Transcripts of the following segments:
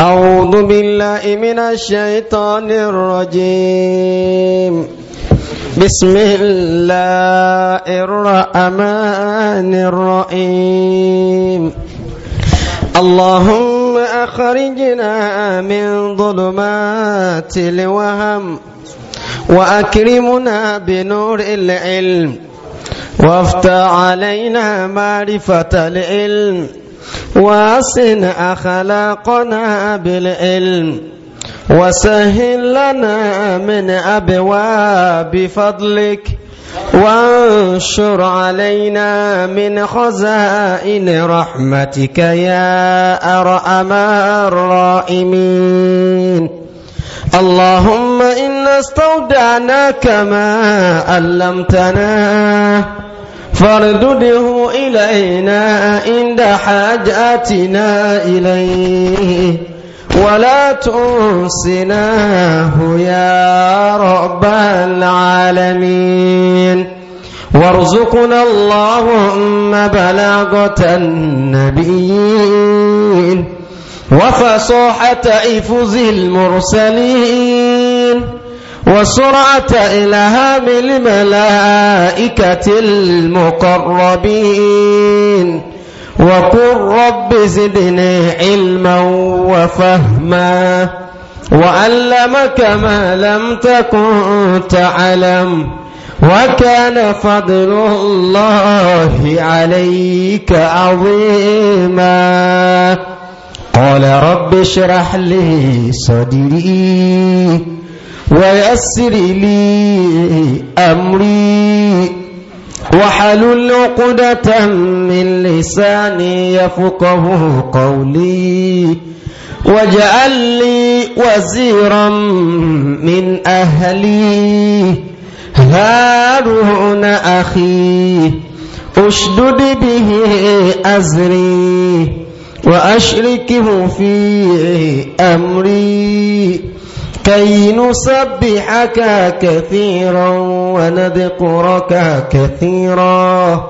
أعوذ بالله من الشيطان الرجيم بسم الله الرحمن الرحيم اللهم أخرجنا من ظلمات الوهم وأكرمنا بنور العلم وافتح علينا معرفة العلم واصن أخلاقنا بالعلم وسهل لنا من أبواب فضلك وانشر علينا من خزائن رحمتك يا أرحم الرائمين اللهم إنا استودعناك ما علمتنا فاردده إلينا عند حاجاتنا إليه ولا تنسناه يا رب العالمين وارزقنا اللهم بلاغة النبيين وفصاحة إفز المرسلين وسرعة إلهام الملائكة المقربين وقل رب زدني علما وفهما وعلمك ما لم تكن تعلم وكان فضل الله عليك عظيما قال رب اشرح لي صدري ويسر لي أمري وحل عقدة من لساني يفقه قولي واجعل لي وزيرا من أهلي هارون أخي أشدد به أزري وأشركه في أمري كي نسبحك كثيرا ونذكرك كثيرا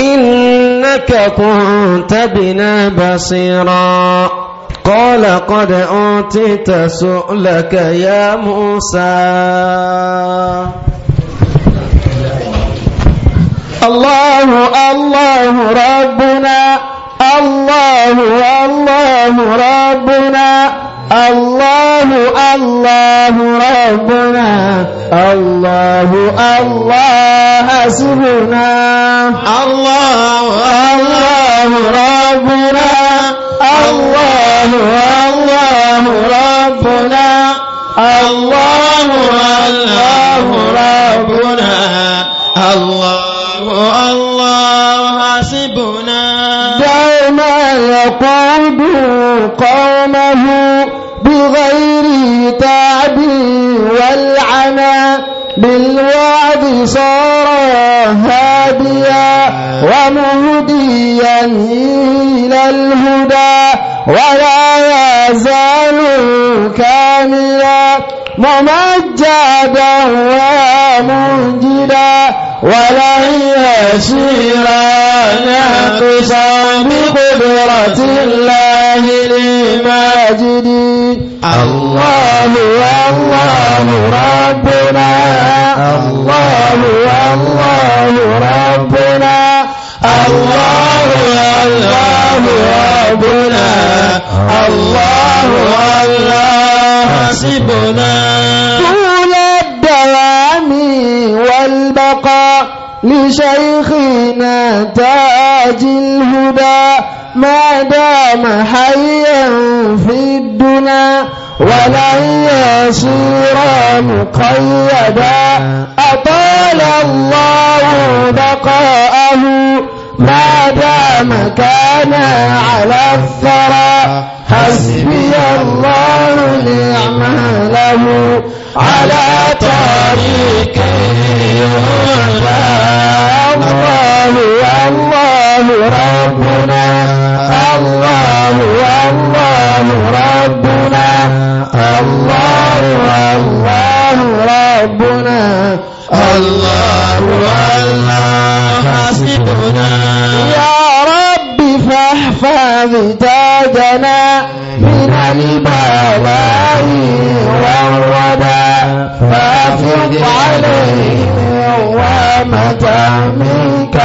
إنك كنت بنا بصيرا قال قد أعطيت سؤلك يا موسى الله الله ربنا الله الله ربنا الله الله ربنا الله الله حسبنا الله الله ربنا الله الله ربنا الله الله ربنا الله الله حسبنا دائما القلب قوما بالوعد صار هاديا ومهديا إلى الهدى ولا يزال كاملا ممجدا ومنجدا ولا يسيرا يقصى بقدرة الله الماجدين الله الله ربنا الله الله ربنا الله الله ربنا الله الله حسبنا طول الدوام والبقاء لشيخنا تاج الهدى ما دام حيا في الدنا ولن يسير مقيدا أطال الله بقاءه ما دام كان على الثرى حسبي الله نعم له على طريقه الله الله ربنا الله الله ربنا الله الله ربنا الله الله حسبنا يا رب فاحفظ تاجنا من البلاء والردى فافق عليه قوامة منك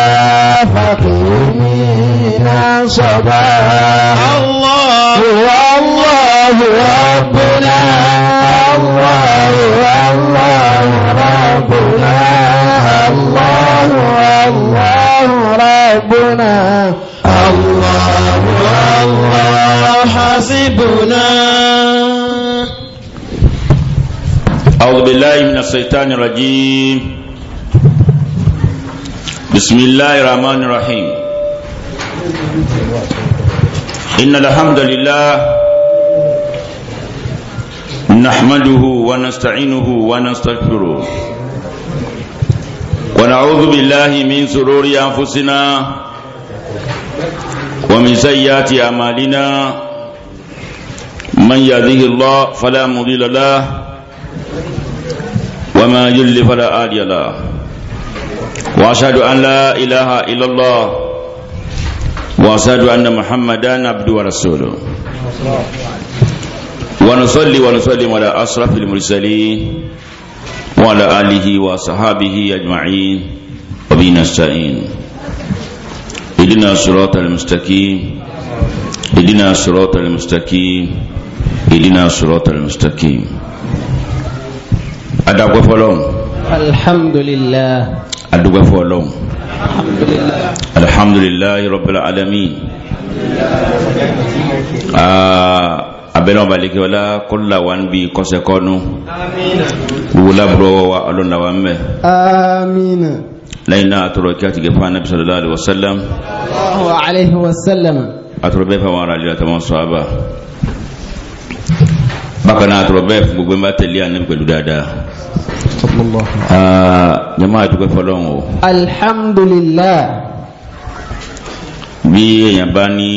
فقيمنا صباحا الله هو الله ربنا الله الله ربنا الله الله ربنا الله الله حسبنا أعوذ بالله من الشيطان الرجيم بسم الله الرحمن الرحيم إن الحمد لله نحمده ونستعينه ونستغفره ونعوذ بالله من سرور أنفسنا ومن سيئات أعمالنا من يهده الله فلا مضل له وما يضلل فلا هادي له واشهد ان لا اله الا الله واشهد ان محمدا عبده ورسوله ونصلي ونسلم على اشرف المرسلين وعلى اله وصحابه اجمعين وبنستعين اهدنا الصراط المستقيم اهدنا الصراط المستقيم اهدنا الصراط المستقيم ادعوك فلوم الحمد لله adúgbẹ́ fún ọlọ́run alhamdulillahi rabbil alamin abẹ́lẹ́ ọba lẹ́kẹ́ ọlá kọ́lá wa ń bi kọ́sẹ̀ kọ́nu gbogbo lábúrò wa ọlọ́nà wa ń mẹ́ lẹ́yìn náà àtọ̀rọ̀ kí a ti gẹ̀ fún anábì sallallahu alaihi wasallam alaihi wasallam àtọ̀rọ̀ bẹ́ẹ̀ fún àwọn ará àtàwọn sọ́ọ́bà bákan náà àtọ̀rọ̀ bẹ́ẹ̀ fún gbogbo ń bá tẹ̀lé anábì pẹ̀lú dáadáa jama àdúgbò fọlọ́run o. alhamdulilah. bí èèyàn bá ní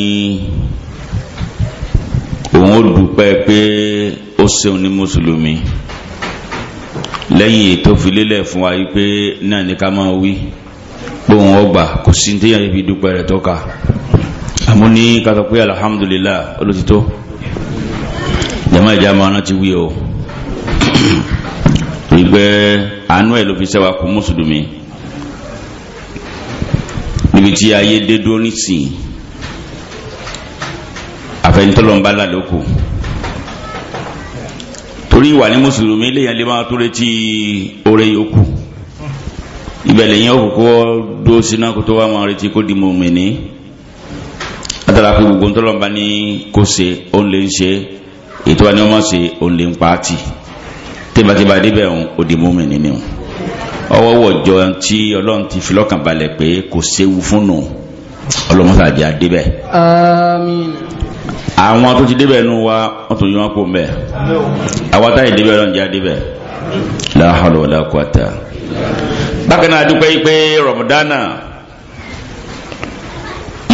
òun ó dúpẹ́ pé ó ṣeun ní mùsùlùmí lẹ́yìn ètò ìfilélẹ̀ fún wa yìí pé náà ní ká máa wí pé òun ọgbà kò sí ní téèyàn fi dúpẹ́ rẹ̀ tọ́ka àmú ní kátó pé alhamdulilah olótìtó jama ìjà máa rántí wí o wípé àánú ẹ̀ ló fi ṣẹ́wà kú mùsùlùmí níbi tí ayé dé dúró nísìnyí àfẹnitọ́lọ́mbá lálókò torí ìwà ní mùsùlùmí léèyàn lè máa tó retí oore yòókù ìbẹ̀lẹ̀ yẹn òkùnkùn dó síná kó tó wá máa retí kó di mùmìnì látara pé gbogbo ntọ́lọ́mbá ní kó ṣe òun lè ń ṣe ètò àníwọ́n máa ṣe òun lè ń pa á tì tébàtébà débẹ̀ òun ó di múmi nínú òun ọwọ́ wọ̀jọ tí ọlọ́run ti filọ́kàn balẹ̀ pé kò séwu fún nù ọlọ́mọta àjà débẹ̀. àmín. àwọn tó ti débẹ̀ nù wa wọ́n tó yí wọn kó mbẹ́ àwa táyì débẹ̀ ọlọ́run jẹ́ débẹ̀ la hawla wala quwata. bákan náà dúpẹ́ pé rọ̀mọ̀dánà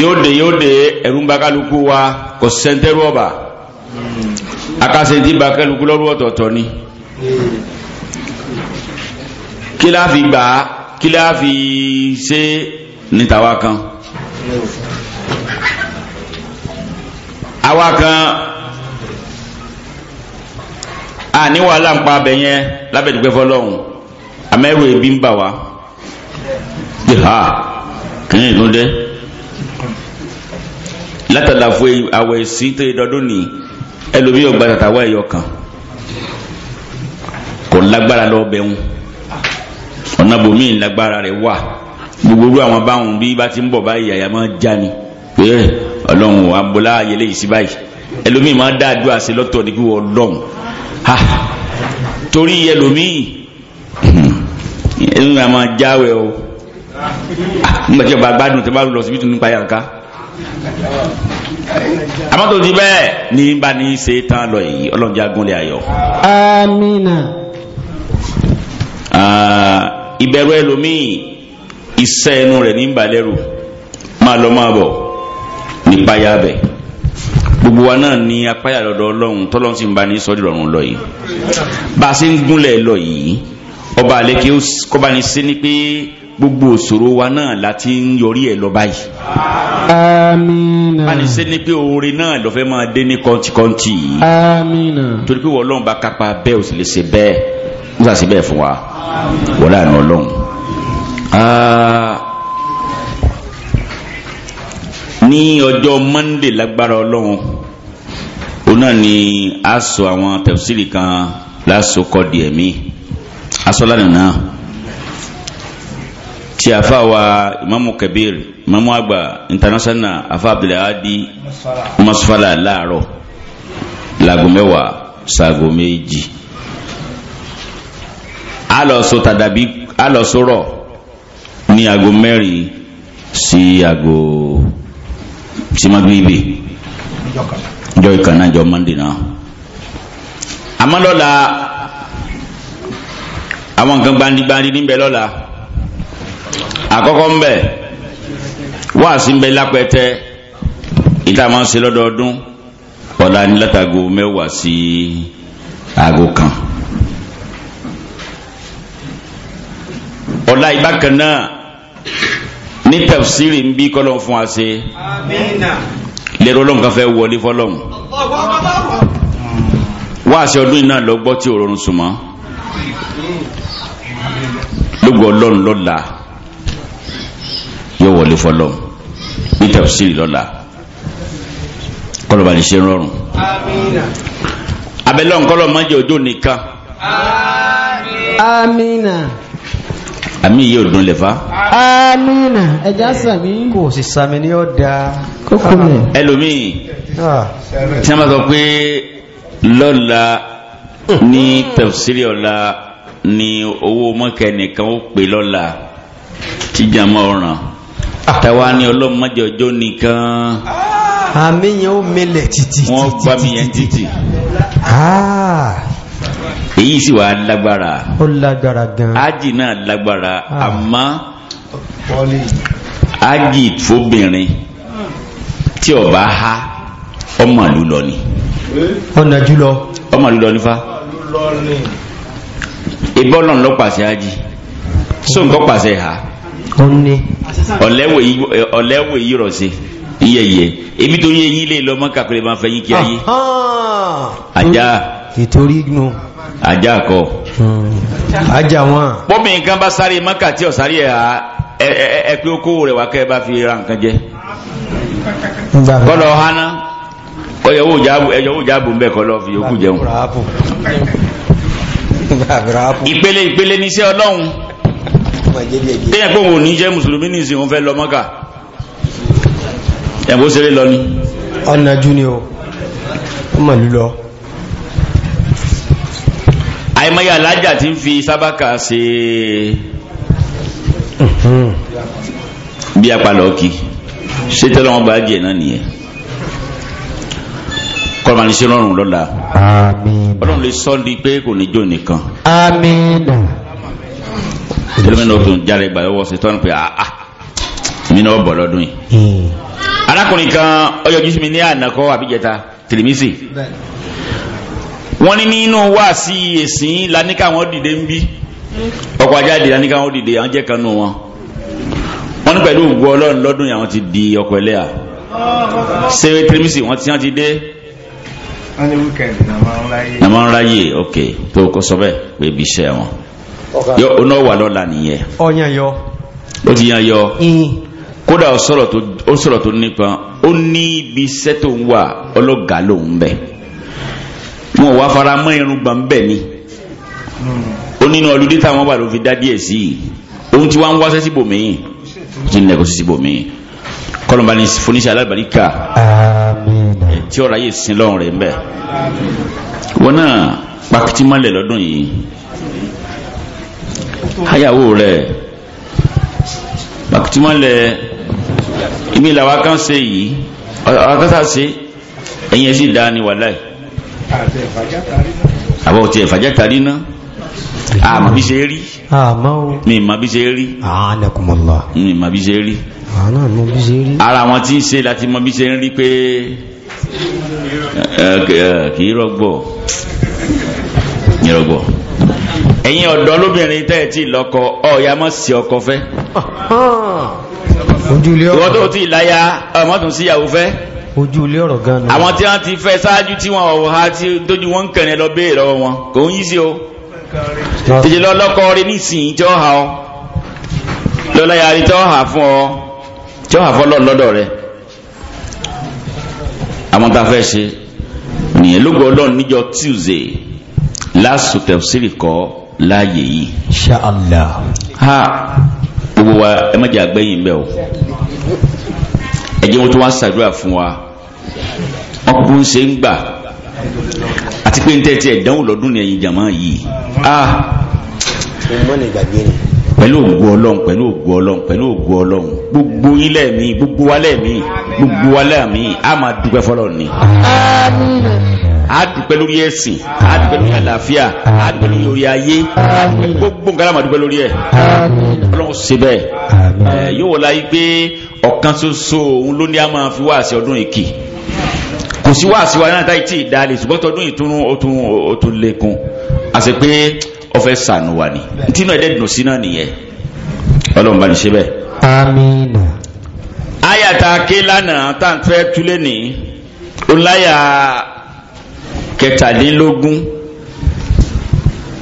yóò dé yóò dé ẹ̀rú ń bá kálukú wa kò sẹ́ńtẹ́rù ọ̀bà akásẹ̀ntì bá lọ́rù ọ̀tọ̀ọ̀tọ̀ ni. Kila la fi gbà á kí la fi ṣe níta wa kan àwa kan àní wàhálà ń pa abẹ yẹn lábẹ́dùgbẹ́ fọlọ́hún amẹ́rù ebi ń bà wá pé ha kìnìún tó dé látàlá fún àwẹ̀ sí tó yẹ dọdún nìyí ẹlòmíì gba tàtàwá ẹ̀yọ kan kò lágbára lọ bẹ̀rùn ọ̀nà bòmí ìlágbára rẹ̀ wà gbogbo àwọn báwọn bí bá ti ń bọ̀ báyìí àyà máa já ni pé eh, ọlọ́run wa bọ́lá ayẹlẹ́ yìí sí báyìí ẹlòmíì máa dá àdúrà sí lọ́tọ̀ ní kí wọ́n ha torí ẹlòmíì ẹnu náà máa jáwé o nígbà tí ọba gbádùn tó bá lọ síbi tó nípa yàrá amátò ti bẹ́ẹ̀ ní bá ní ṣe tán lọ yìí ọlọ́run jágúnlẹ̀ ayọ̀. amina. Ah, ìbẹ̀rù ẹlòmíì iṣẹ́ ẹnu rẹ̀ ní balẹ̀rù máa lọ máa bọ̀ nípayà bẹ̀ gbogbo wa náà ní apáyà lọ́dọ̀ ọlọ́run tọ́lọ́run sì ń bá ní sọ́dọ̀ ọ̀run lọ yìí bá a ṣe ń gúnlẹ̀ lọ yìí ọba àlẹ́kẹ́ kọ́ba ní sí ni pé gbogbo òṣòro wa náà láti ń yọrí ẹ̀ lọ báyìí. àmín. a ní ṣe ni pé oore náà lọ́fẹ́ máa dé ní kọ́ńtíkọ́ńtì. àmín. torí pé wọ́n lọ́run bá kápá bẹ́ẹ̀ ò sì lè ṣe bẹ́ẹ̀ musa sí bẹ́ẹ̀ fún wa wọ́n láàánú ọlọ́run. Ah, ní ọjọ́ monday lágbára ọlọ́run òun náà ni a sọ àwọn tẹ̀síìrì kan lásòkò díẹ̀ mi asọ́lánà náà tí a fà imamu kabir imamu agba international afa abdulhadi masfala laaro, laago mẹ́wàá saago méjì alọ̀sọ tàdàbí alọ̀sọ̀rọ̀ ní aago mẹ́rin sí aago simagiribi jọ ìkànnà jọ mọ́ndé náà amọ́lọ́la àwọn nǹkan gbandigbandi níbẹ̀ lọ́la àkọ́kọ́ ńbẹ̀ wáàsí ńbẹ̀ lápẹ́tẹ́ ìta máa ń ṣe lọ́dọọdún ọ̀la ní látago mẹ́wàá sí aago kan. ọ̀la ìbákan náà ní tafsiri ń bí kọ́lọ́n fún wa ṣe lẹ́rọ ọlọ́run kan fẹ́ wọlé fọlọ́run wáàsí ọdún iná lọ gbọ́ tí òrorun sùnmọ́ lógo ọlọ́run lọ́la yóò wọlé fọlọ́run ní tafsiri lọ́la kọlọba ní ṣe rọrùn abẹ́lẹ́ ọ̀nkọ́lọ́ mọ́jẹ́ òjò nìkan. amina àmì yìí òdùn lè fa. amina ẹja sàmì. kò sì sàmì ní ọ̀dà. kókó mi. ẹlòmíì ah. tí a máa sọ pé lọ́la ní tafsiri ọ̀la ni owó mọ́kẹ́ nìkan ó pè lọ́la tíjà máa ọ̀ràn ah. tàwa ni ọlọ́mọdé ọjọ́ nìkan. àmì yẹn ó melẹ̀ títì. wọ́n gbá mi yẹn títì èyí sì wà lágbára ó lágbára gan ájì náà lágbára ah. àmọ́ ájì fóbìnrin tí ó bá ha ọmọ ìlú lọ ni ọ̀nà jùlọ ọmọ ìlú lọ nífa ìbọ́lọ̀ lọ pàṣẹ ájì so nǹkan pàṣẹ ha ọ̀lẹ́wẹ̀ yìí rọ̀ sí iyẹyẹ èmi tó yẹ yín lè lọ mọ́ kàkúrẹ́ máa fẹ́ yín kí ayé ajá ìtorí nù. No ajá kọ. Hmm. ajá wọn. pọ́bì nǹkan bá sáré mọ́kà tí ò sáré ẹ pé okòwò rẹ̀ wá kẹ́ ẹ bá fi ra nǹkan jẹ. kọ́lọ̀ hana ẹ̀yọ̀wò jáàbù mbẹ́ kọ́lọ̀ fi yòókù jẹun. ìpele ìpele níṣẹ́ ọlọ́run kéèyàn pé òun ò ní jẹ́ mùsùlùmí ní ìsìn òun fẹ́ lọ mọ́kà ẹ̀bùn ṣeré lọ ni. ọ̀nà jù o ó mọ̀ lù lọ àìmọye alájà tí ń fi sábàkà ṣe bí apalọ kì ṣe tẹ́lẹ̀ wọn bá díẹ̀ náà nìyẹn kọ́mà ní sírọ̀rùn lọ́la ọlọ́run lè sọ́ di pé kò ní jó nìkan tẹlifíńdà tó ń jáde gbà lọ́wọ́ ṣètọ́nù pé àá ah, ah, mi náà bọ̀ lọ́dún yìí hmm. arákùnrin kan ó yọjú sí mi ní ànàkọ́ àbíjẹta tìrìmísì wọ́n ní nínú wáàsí èsìn laníkà wọn dìde ń bí ọkọ̀ ajáde laníkà wọn dìde àwọn jẹ́ kanú wọn wọ́n ní pẹ̀lú ògùn ọlọ́run lọ́dún yìí àwọn ti di ọkọ̀ ẹlẹ́à ṣé tírímísì wọ́n ti hàn ti dé. wọ́n ní wíkẹ̀ndì náà máa ń ráyè. náà máa ń ráyè ok tó kọ sọ bẹ́ẹ̀ pé ibi iṣẹ́ wọn yọ oná wà lọ́la nìyẹn. ọyàn yọ. ó ti yan yọ. kódà ó sọ̀rọ̀ tó nípa ó ní ibi iṣẹ́ tó ń wà ọlọ́gàá lòún bẹ́ẹ̀ wọn wá fara mọ́ irun gbà ń bẹ̀ ni ó nínú ọlùdí táwọn wà ló fi dá díẹ̀ sí i ohun tí wọ́n ń wáṣẹ́ síbò míì tí ń lẹ́kọ̀ọ́ síbò míì kọ́nùbá ní foníṣẹ́ alábàríkà tí ọ̀rọ̀ ayé sin lọ́rùn rẹ̀ ń bẹ̀ wọn náà pakiti mọ́lẹ̀ lọ́dún yìí ayàwó rẹ̀ pakiti mọ́lẹ̀ ìmìlà wa kan yìí àwọn akásà ṣe ẹ̀yìn ẹ̀ àbọ̀ tí ẹ̀fàjá tàrí náà àmà bí ṣe rí mi ma bí ṣe rí mi ma bí ṣe rí ara wọn tí ń ṣe láti mọ bí ṣe ń rí pé kì í rọgbọ nírọgbọ ẹ̀yin ọ̀dọ́ lóbìnrin tẹ́ ẹ ti lọ́kọ ọ̀ya mọ̀ sí ọkọ fẹ́ ìwọ́n tó ti láya ọmọ tún síyàwó fẹ́ ojú ilé ọ̀rọ̀ gan náà. àwọn tí wọ́n ti fẹ́ ṣáájú tí wọ́n ọ̀hún ha ti dójú wọn kẹrin lọ béèrè lọ́wọ́ wọn kò ń yí sí o. tètè lọ lọ́kọ rẹ nísìnyí tí ó hà ọ́ lọ́lá yarí tí ó hà fún ọ tí ó hà fún ọlọ́run lọ́dọ̀ rẹ. àwọn tá a fẹ́ ṣe nìyẹn lógo ọlọ́run níjọ́ Tuesday lásù tẹ̀síìrì kọ́ láàyè yìí. Insha Allah. ha gbogbo wa ẹ má jẹ́ àgbẹ̀yìn bẹ́ẹ̀ o ẹ jẹ́ wọn tó wá ṣàdúrà fún wa ọkùnkùn ń ṣe ń gbà àti pé ń tẹ́tí ẹ̀dánwò lọ́dún ní ẹ̀yìn jàmá yìí ah pẹ̀lú ògbó ọlọ́run pẹ̀lú ògbó ọlọ́run pẹ̀lú ògbó ọlọ́run gbogbo yín lẹ́ẹ̀mí gbogbo wa lẹ́ẹ̀mí gbogbo wa lẹ́ẹ̀mí a máa dúpẹ́ fọlọ́ ni. a dúpẹ́ lórí ẹ̀sìn a dúpẹ́ lórí àlàáfíà a dúpẹ́ lórí ayé gbogbo nǹkan a máa dúpẹ́ lórí ẹ̀ ọlọ́run ṣe bẹ́ẹ̀ yóò wọlé ayé pé ọ̀kan ṣoṣo òun ló ní a máa fi wáàsí ọdún ìkì kò sí wáàsí wa náà táyì tí ì dalè ṣùgbọ́n tọdún ìtúnú ọtún ọtún lẹ́kùn àti pé ọfẹ́ sànù wà ní ntínú ẹ̀dẹ́ dùn sí náà nìyẹn ọlọ́run bá ní ṣe bẹ́ẹ̀. àmín. ayàtà ké lánàá tá à ń fẹ́ túlé ní ọláyà kẹtàlélógún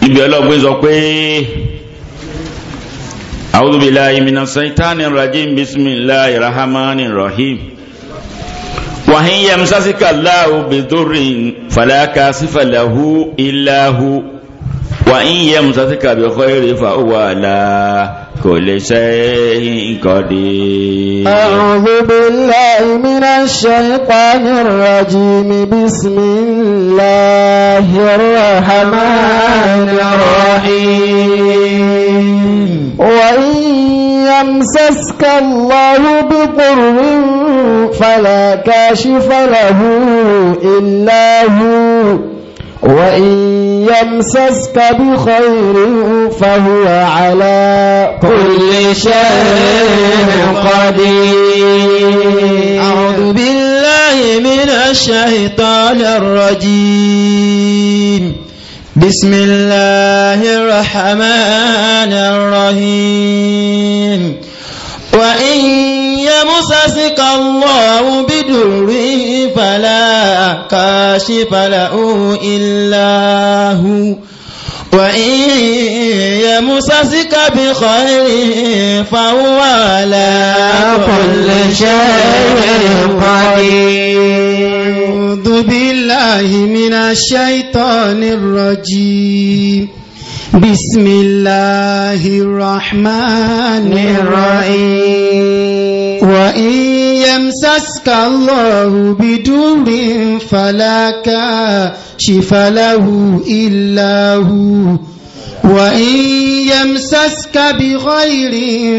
ibi ọlọ́gbìn sọ pé. أعوذ بالله من الشيطان الرجيم بسم الله الرحمن الرحيم وإن يمسسك الله بضر فلا كاشف له إلا هو وإن يمسسك بخير فهو على كل شيء قدير أعوذ بالله من الشيطان الرجيم بسم الله الرحمن الرحيم يمسسك الله بضر فلا كاشف له إلا هو وإن يمسسك بخير فهو على كل شيء قدير أعوذ بالله من الشيطان الرجيم بسم الله الرحمن الرحيم وإن يمسسك الله بدر فلا كاشف له إلا هو وإن يمسسك بخير فهو على كل شيء قدير أعوذ بالله من الشيطان الرجيم بسم الله الرحمن الرحيم وإن يمسسك الله بدر فلا كاشف له إلا هو وإن يمسسك بغير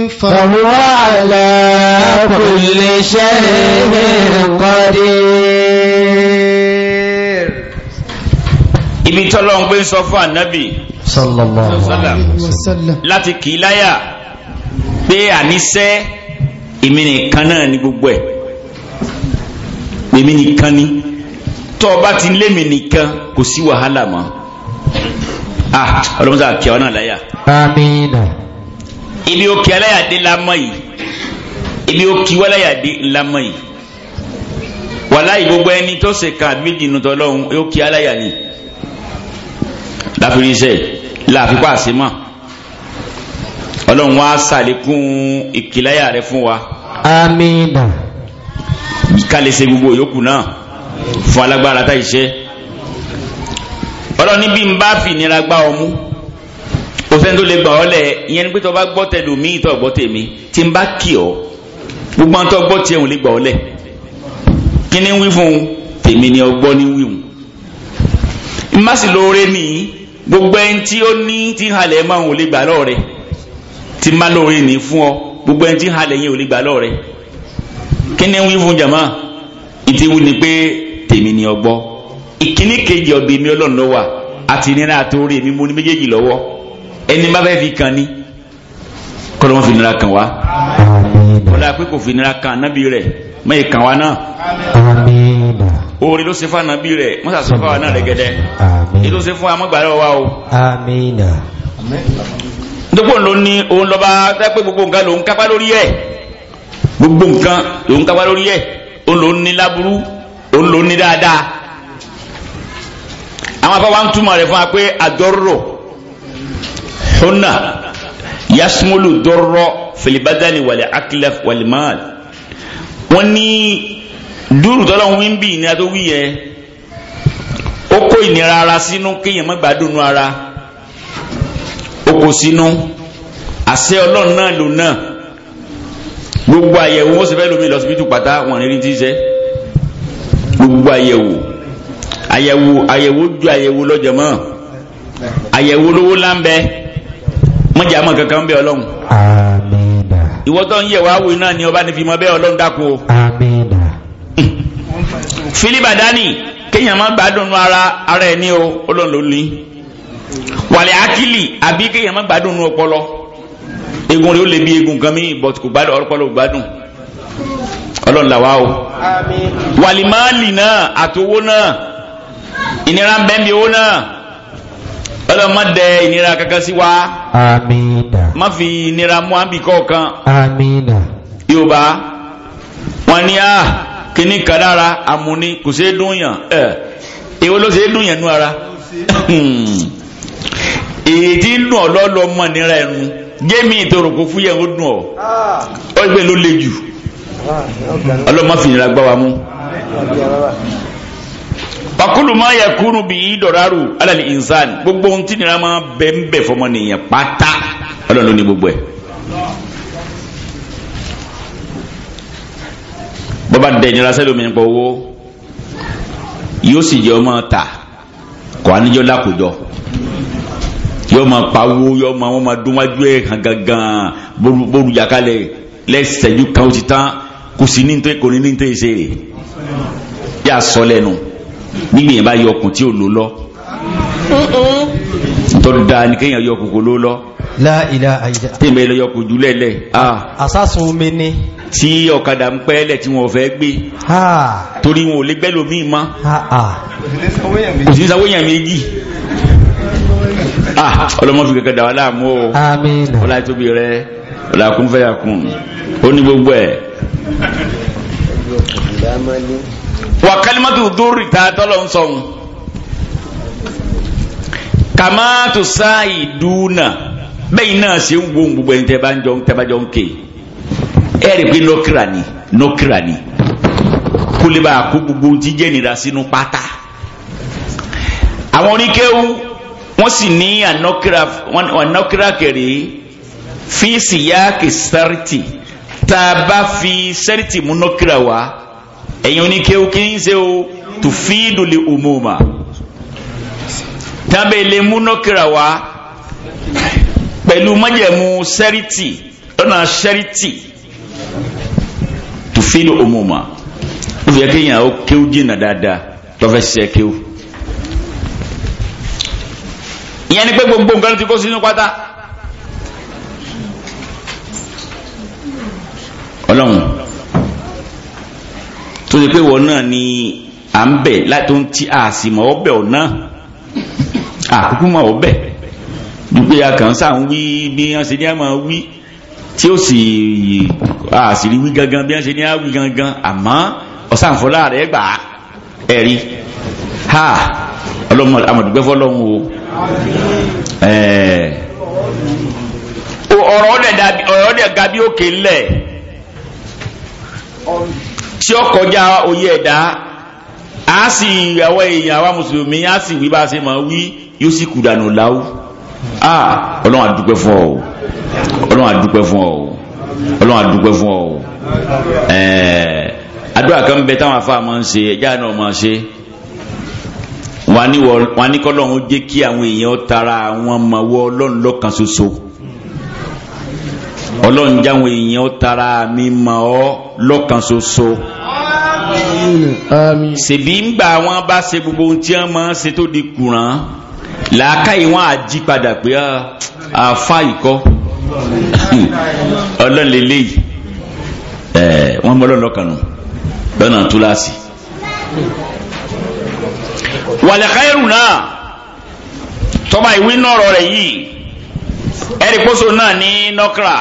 فهو على كل شيء قدير ibi tọ́lọ́ ń gbé النبي sallallahu alaihi wasallam láti kì í láyà pé àníṣẹ́ èmi nìkan náà ní gbogbo ẹ̀ èmi nìkan tọ́ ọba ti lémi nìkan kò sí wàhálà mọ́ ah ọlọ́mọdé àkè ọ náà láyà. amiina. ibi òkè aláyàdé lamọ yìí ibi òkè wàláyàdé lamọ yìí wàláyìí gbogbo ẹni tó ṣe kan méjì nù tọ́lọ́hún òkè aláyà ni láfi rí sẹ́yìn láàfipá àsímọ̀ ọlọ́run wá sàlékún ìkìláyà rẹ fún wa amínà kálẹ̀ṣe gbogbo yòókù náà fún alágbára tá iṣẹ́ ọlọ́run níbi ń bá fi ìnira gbá ọmú kò sẹ́ni tó lè gbà ọ́ lẹ̀ ìyẹn ni pé tó bá gbọ́ tẹ̀lú mi ìtọ́ gbọ́ tèmi tí ń bá kì ọ́ gbogbo àwọn tó gbọ́ tiẹ̀ òun lè gbà ọ́ lẹ̀ kí ni wí fún tèmi ni ọgbọ́ ni wí hùn ìmásìlóore nìyí gbogbo ẹni tí ó ní tí halẹ̀ máa ń wò gbà lọ́ọ̀ tí má lóore ní fún ọ gbogbo ẹni tí halẹ̀ yẹn ò gbà lọ́ọ̀ kí ni wí fún jama ìtí wí ni pé tèmi ni ọgbọ́ ìkíní kejì ọ̀dọ̀ èmi ọlọ́run wà àti nínú àtòrí èmi mo ní méjèèjì lọ́wọ́ ẹni má fẹ́ fi kan ni kọ́lọ́ wọn fi nira kan wá kọ́lá pé kò fi nira kan nábì rẹ̀ mọ́ ìkan wa náà oore ló ṣe fún ànábì rẹ̀ mọ́sàsọ́fà wa náà rẹ̀ gẹ́dẹ́ ètò ṣe fún amọ́gbàrá wa o. amina. dókò ló ní òun lọ́ba pé gbogbo nǹkan lòun kápá lórí ẹ̀ gbogbo nǹkan lòun kápá lórí ẹ̀ òun lòun ní láburú òun lòun ní dáadáa. àwọn afọwọ́ ń túmọ̀ rẹ̀ fún wa pé àdọ́rọ̀ hona yasumolu dọ́rọ̀ filibadali wàlẹ̀ akilẹ̀ wàlẹ̀ maal wọ́n ní dúró tọ́lọ́ wíńbì ní adó wíyẹn ìnira ara sínú kéèyàn má gbádùn ara ó kó sínú àṣẹ ọlọ́run náà lò náà gbogbo àyẹ̀wò wọ́n sì fẹ́ lómi lọ́sibítù pátá wọn ní ti ṣe gbogbo àyẹ̀wò àyẹ̀wò àyẹ̀wò ju àyẹ̀wò lọ́jọ́ mọ́ àyẹ̀wò lówó láńbẹ́ mọ́jà mọ́ kankan bẹ́ ọlọ́run. àmín. ìwọ tó ń yẹ̀ wá wò náà ni ọba ní fi mọ́ bẹ́ ọlọ́run dákú o. àmín. filibadani kéèyàn má gbádùn ara ara ẹ̀ ní o ọlọ́run ló ní wàlẹ̀ akílì àbí kéèyàn má gbádùn ọpọlọ egun rẹ̀ ó lè bí egun kan mí but kò gbádùn ọpọlọ kò gbádùn ọlọ́run làwa o wàlìmáàlì náà àtowó náà ìnira ń bẹ́ẹ̀ bí owó náà ọlọ́run má dẹ ìnira kankan sí wa má fi ìnira mú àbíkọ́ kan àmín yorùbá wọn ni a. Ah, kíní kadara lára amúni kò ṣeé dún yàn ẹ èwo ló ṣeé dún yàn nú ara hmm. èyí tí ń dùn ọ lọ́lọ́ mọ̀ nira ẹnu gémi ìtòrò kò fúyẹ́ ó dùn ọ ọ gbẹ ló le jù ọlọ́mọ fìyìnrà gbá wa mú wakulu ma yẹ kunu bi i dọraru ala ni insan gbogbo ntí nira ma bẹnbẹn fọmọ nìyẹn pátá ọlọlọ ni gbogbo yẹ bá dẹ ìnira sẹ́lómi nípa owó yóò sì jẹ́ ọmọ ta kọ́ aníjọ́ lákòjọ́ yóò máa pawó yóò máa wọ́n máa dún wájú ẹ̀ hàn gangan bóru jàkálẹ̀ lẹ́sẹ̀jú kan ó ti tán kò sí ní nítorí kò ní ní nítorí ṣe yà sọ lẹ́nu nígbà yẹn bá yọ ọkùn tí ò lò lọ tọ́lú dáa ní kéèyàn yọ ọkùn kò lò lọ. láìlà àìdá. tèmi lọ yọ ọkùn jù lẹ́lẹ̀. Ah. àsásùn omi ni tí ọ̀kadà ń pẹ́ lẹ̀ tí wọ́n fẹ́ gbé torí wọn ò lè gbẹ́ lómi mọ́ kò sí sáwó èèyàn méjì ah, ọlọ́mọ fi kẹ̀kẹ́ dàwálà mú o ọlá tóbi rẹ ọlá kún fẹ́ yà kún ó ní gbogbo ẹ̀. wà kálímátù dúró ta tọ́lọ̀ ń sọ̀hún kàmá tó sáà ìdúnà bẹ́ẹ̀ náà ṣe ń wo gbogbo ẹni tẹ́ bá jọ ń ké ẹ rí i pé nọkìrà ni nọkìrà ni kó lè bá a kó gbogbo ti jẹ́ nira sínú pátá àwọn oníkéwu wọ́n sì ní ànọ́kìrà kẹrì fíìsì yá kì sẹ́rìtì tá a bá fi sẹ́rìtì mú nọkìrà wá ẹ̀yin oníkéwu kí n ṣe o tù fíìdù lè òmùmà tábẹ̀ lè mú nọkìrà wá pẹ̀lú májẹ̀mú sẹ́rìtì lọ́nà sẹ́rìtì tùfílù òmùmà ó fi yẹ kéèyàn ó kéwú jìnnà dáadáa tọ́fẹ́ ṣiṣẹ́ kéwú. ìyẹn ni pé gbogbo nǹkan ti kó sínú pátá. ọlọ́run tó ṣe pé wọn náà ni à ń bẹ̀ láti ń ti àsìmọ̀ ọbẹ̀ ọ̀nà àkókò mọ̀ ọbẹ̀ dúpẹ́ akànṣà ń wí bí wọ́n ṣe ní àmọ́ wí tí ó sì àṣírí wí gangan bí wọ́n ṣe ní á wí gangan àmọ́ ọ̀sánfọlá rẹ̀ gbà á ẹ̀rí ha ọlọ́mọ amọ̀dúgbẹ́ fọlọ́hún o ọ̀rọ̀ ọ̀dẹ̀ gabi òkè ńlẹ̀ tí ó kọjá oyè ẹ̀dá a sì àwọn èèyàn àwa mùsùlùmí a sì wí bá a ṣe máa wí yóò sì kú dànù láwù ọlọ́run àdúgbò fún ọ ọlọ́run àdúpẹ́ fún ọ o ọlọ́run àdúpẹ́ fún ọ o ẹ̀ẹ́ àdúrà kan bẹ táwọn afá máa ń ṣe ẹ̀já náà máa ṣe wọn ní kọ́lọ́run jẹ́ kí àwọn èèyàn tara àwọn máa wọ ọlọ́run lọ́kàn ṣoṣo ọlọ́run jáwọn èèyàn tara mi máa ọ lọ́kàn ṣoṣo ṣèbí ń wọn bá ṣe gbogbo ohun tí wọn máa ṣe tó di kùràn làákàyè wọn àjí padà pé ah, àfa ìkọ́. ọlọ́lélẹ́ yìí wọ́n mọ́ lọ́lọ́kànnù lọ́nà túláàsì wàlẹ̀ náà tọ́ba ìwé nọ̀rọ̀ rẹ̀ yìí ẹ̀rí kóso náà ní nọ́kra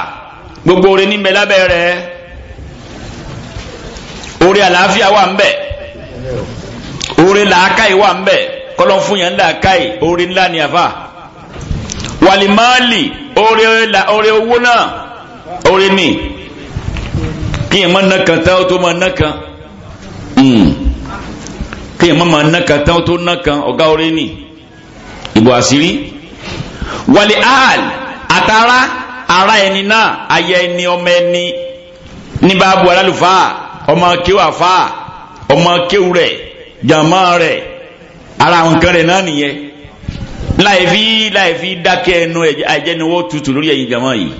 gbogbo orin níbẹ̀ lábẹ́ orin àlàáfíà wà ń bẹ̀ orin làákàyè wà ń bẹ̀ kọ́lọ́ fún yẹn ń wàlímáàlì oore owó náà oore ni kí n má ná kan tán ó tó má ná kan hmm. kí n má má ná tó ná ọ̀gá oore ni ìbò àṣírí wali àhàl atara ara ẹni náà ayé ẹni ọmọ ẹni ní báàbù alálùfáà ọmọ kéwà fáà ọmọ kéwù rẹ̀ jàmá rẹ̀ ara àwọn kan náà nìyẹn láìfi láìfi dákẹ́ ẹnu àìjẹniwó tutù lórí ẹ̀yin jama yìí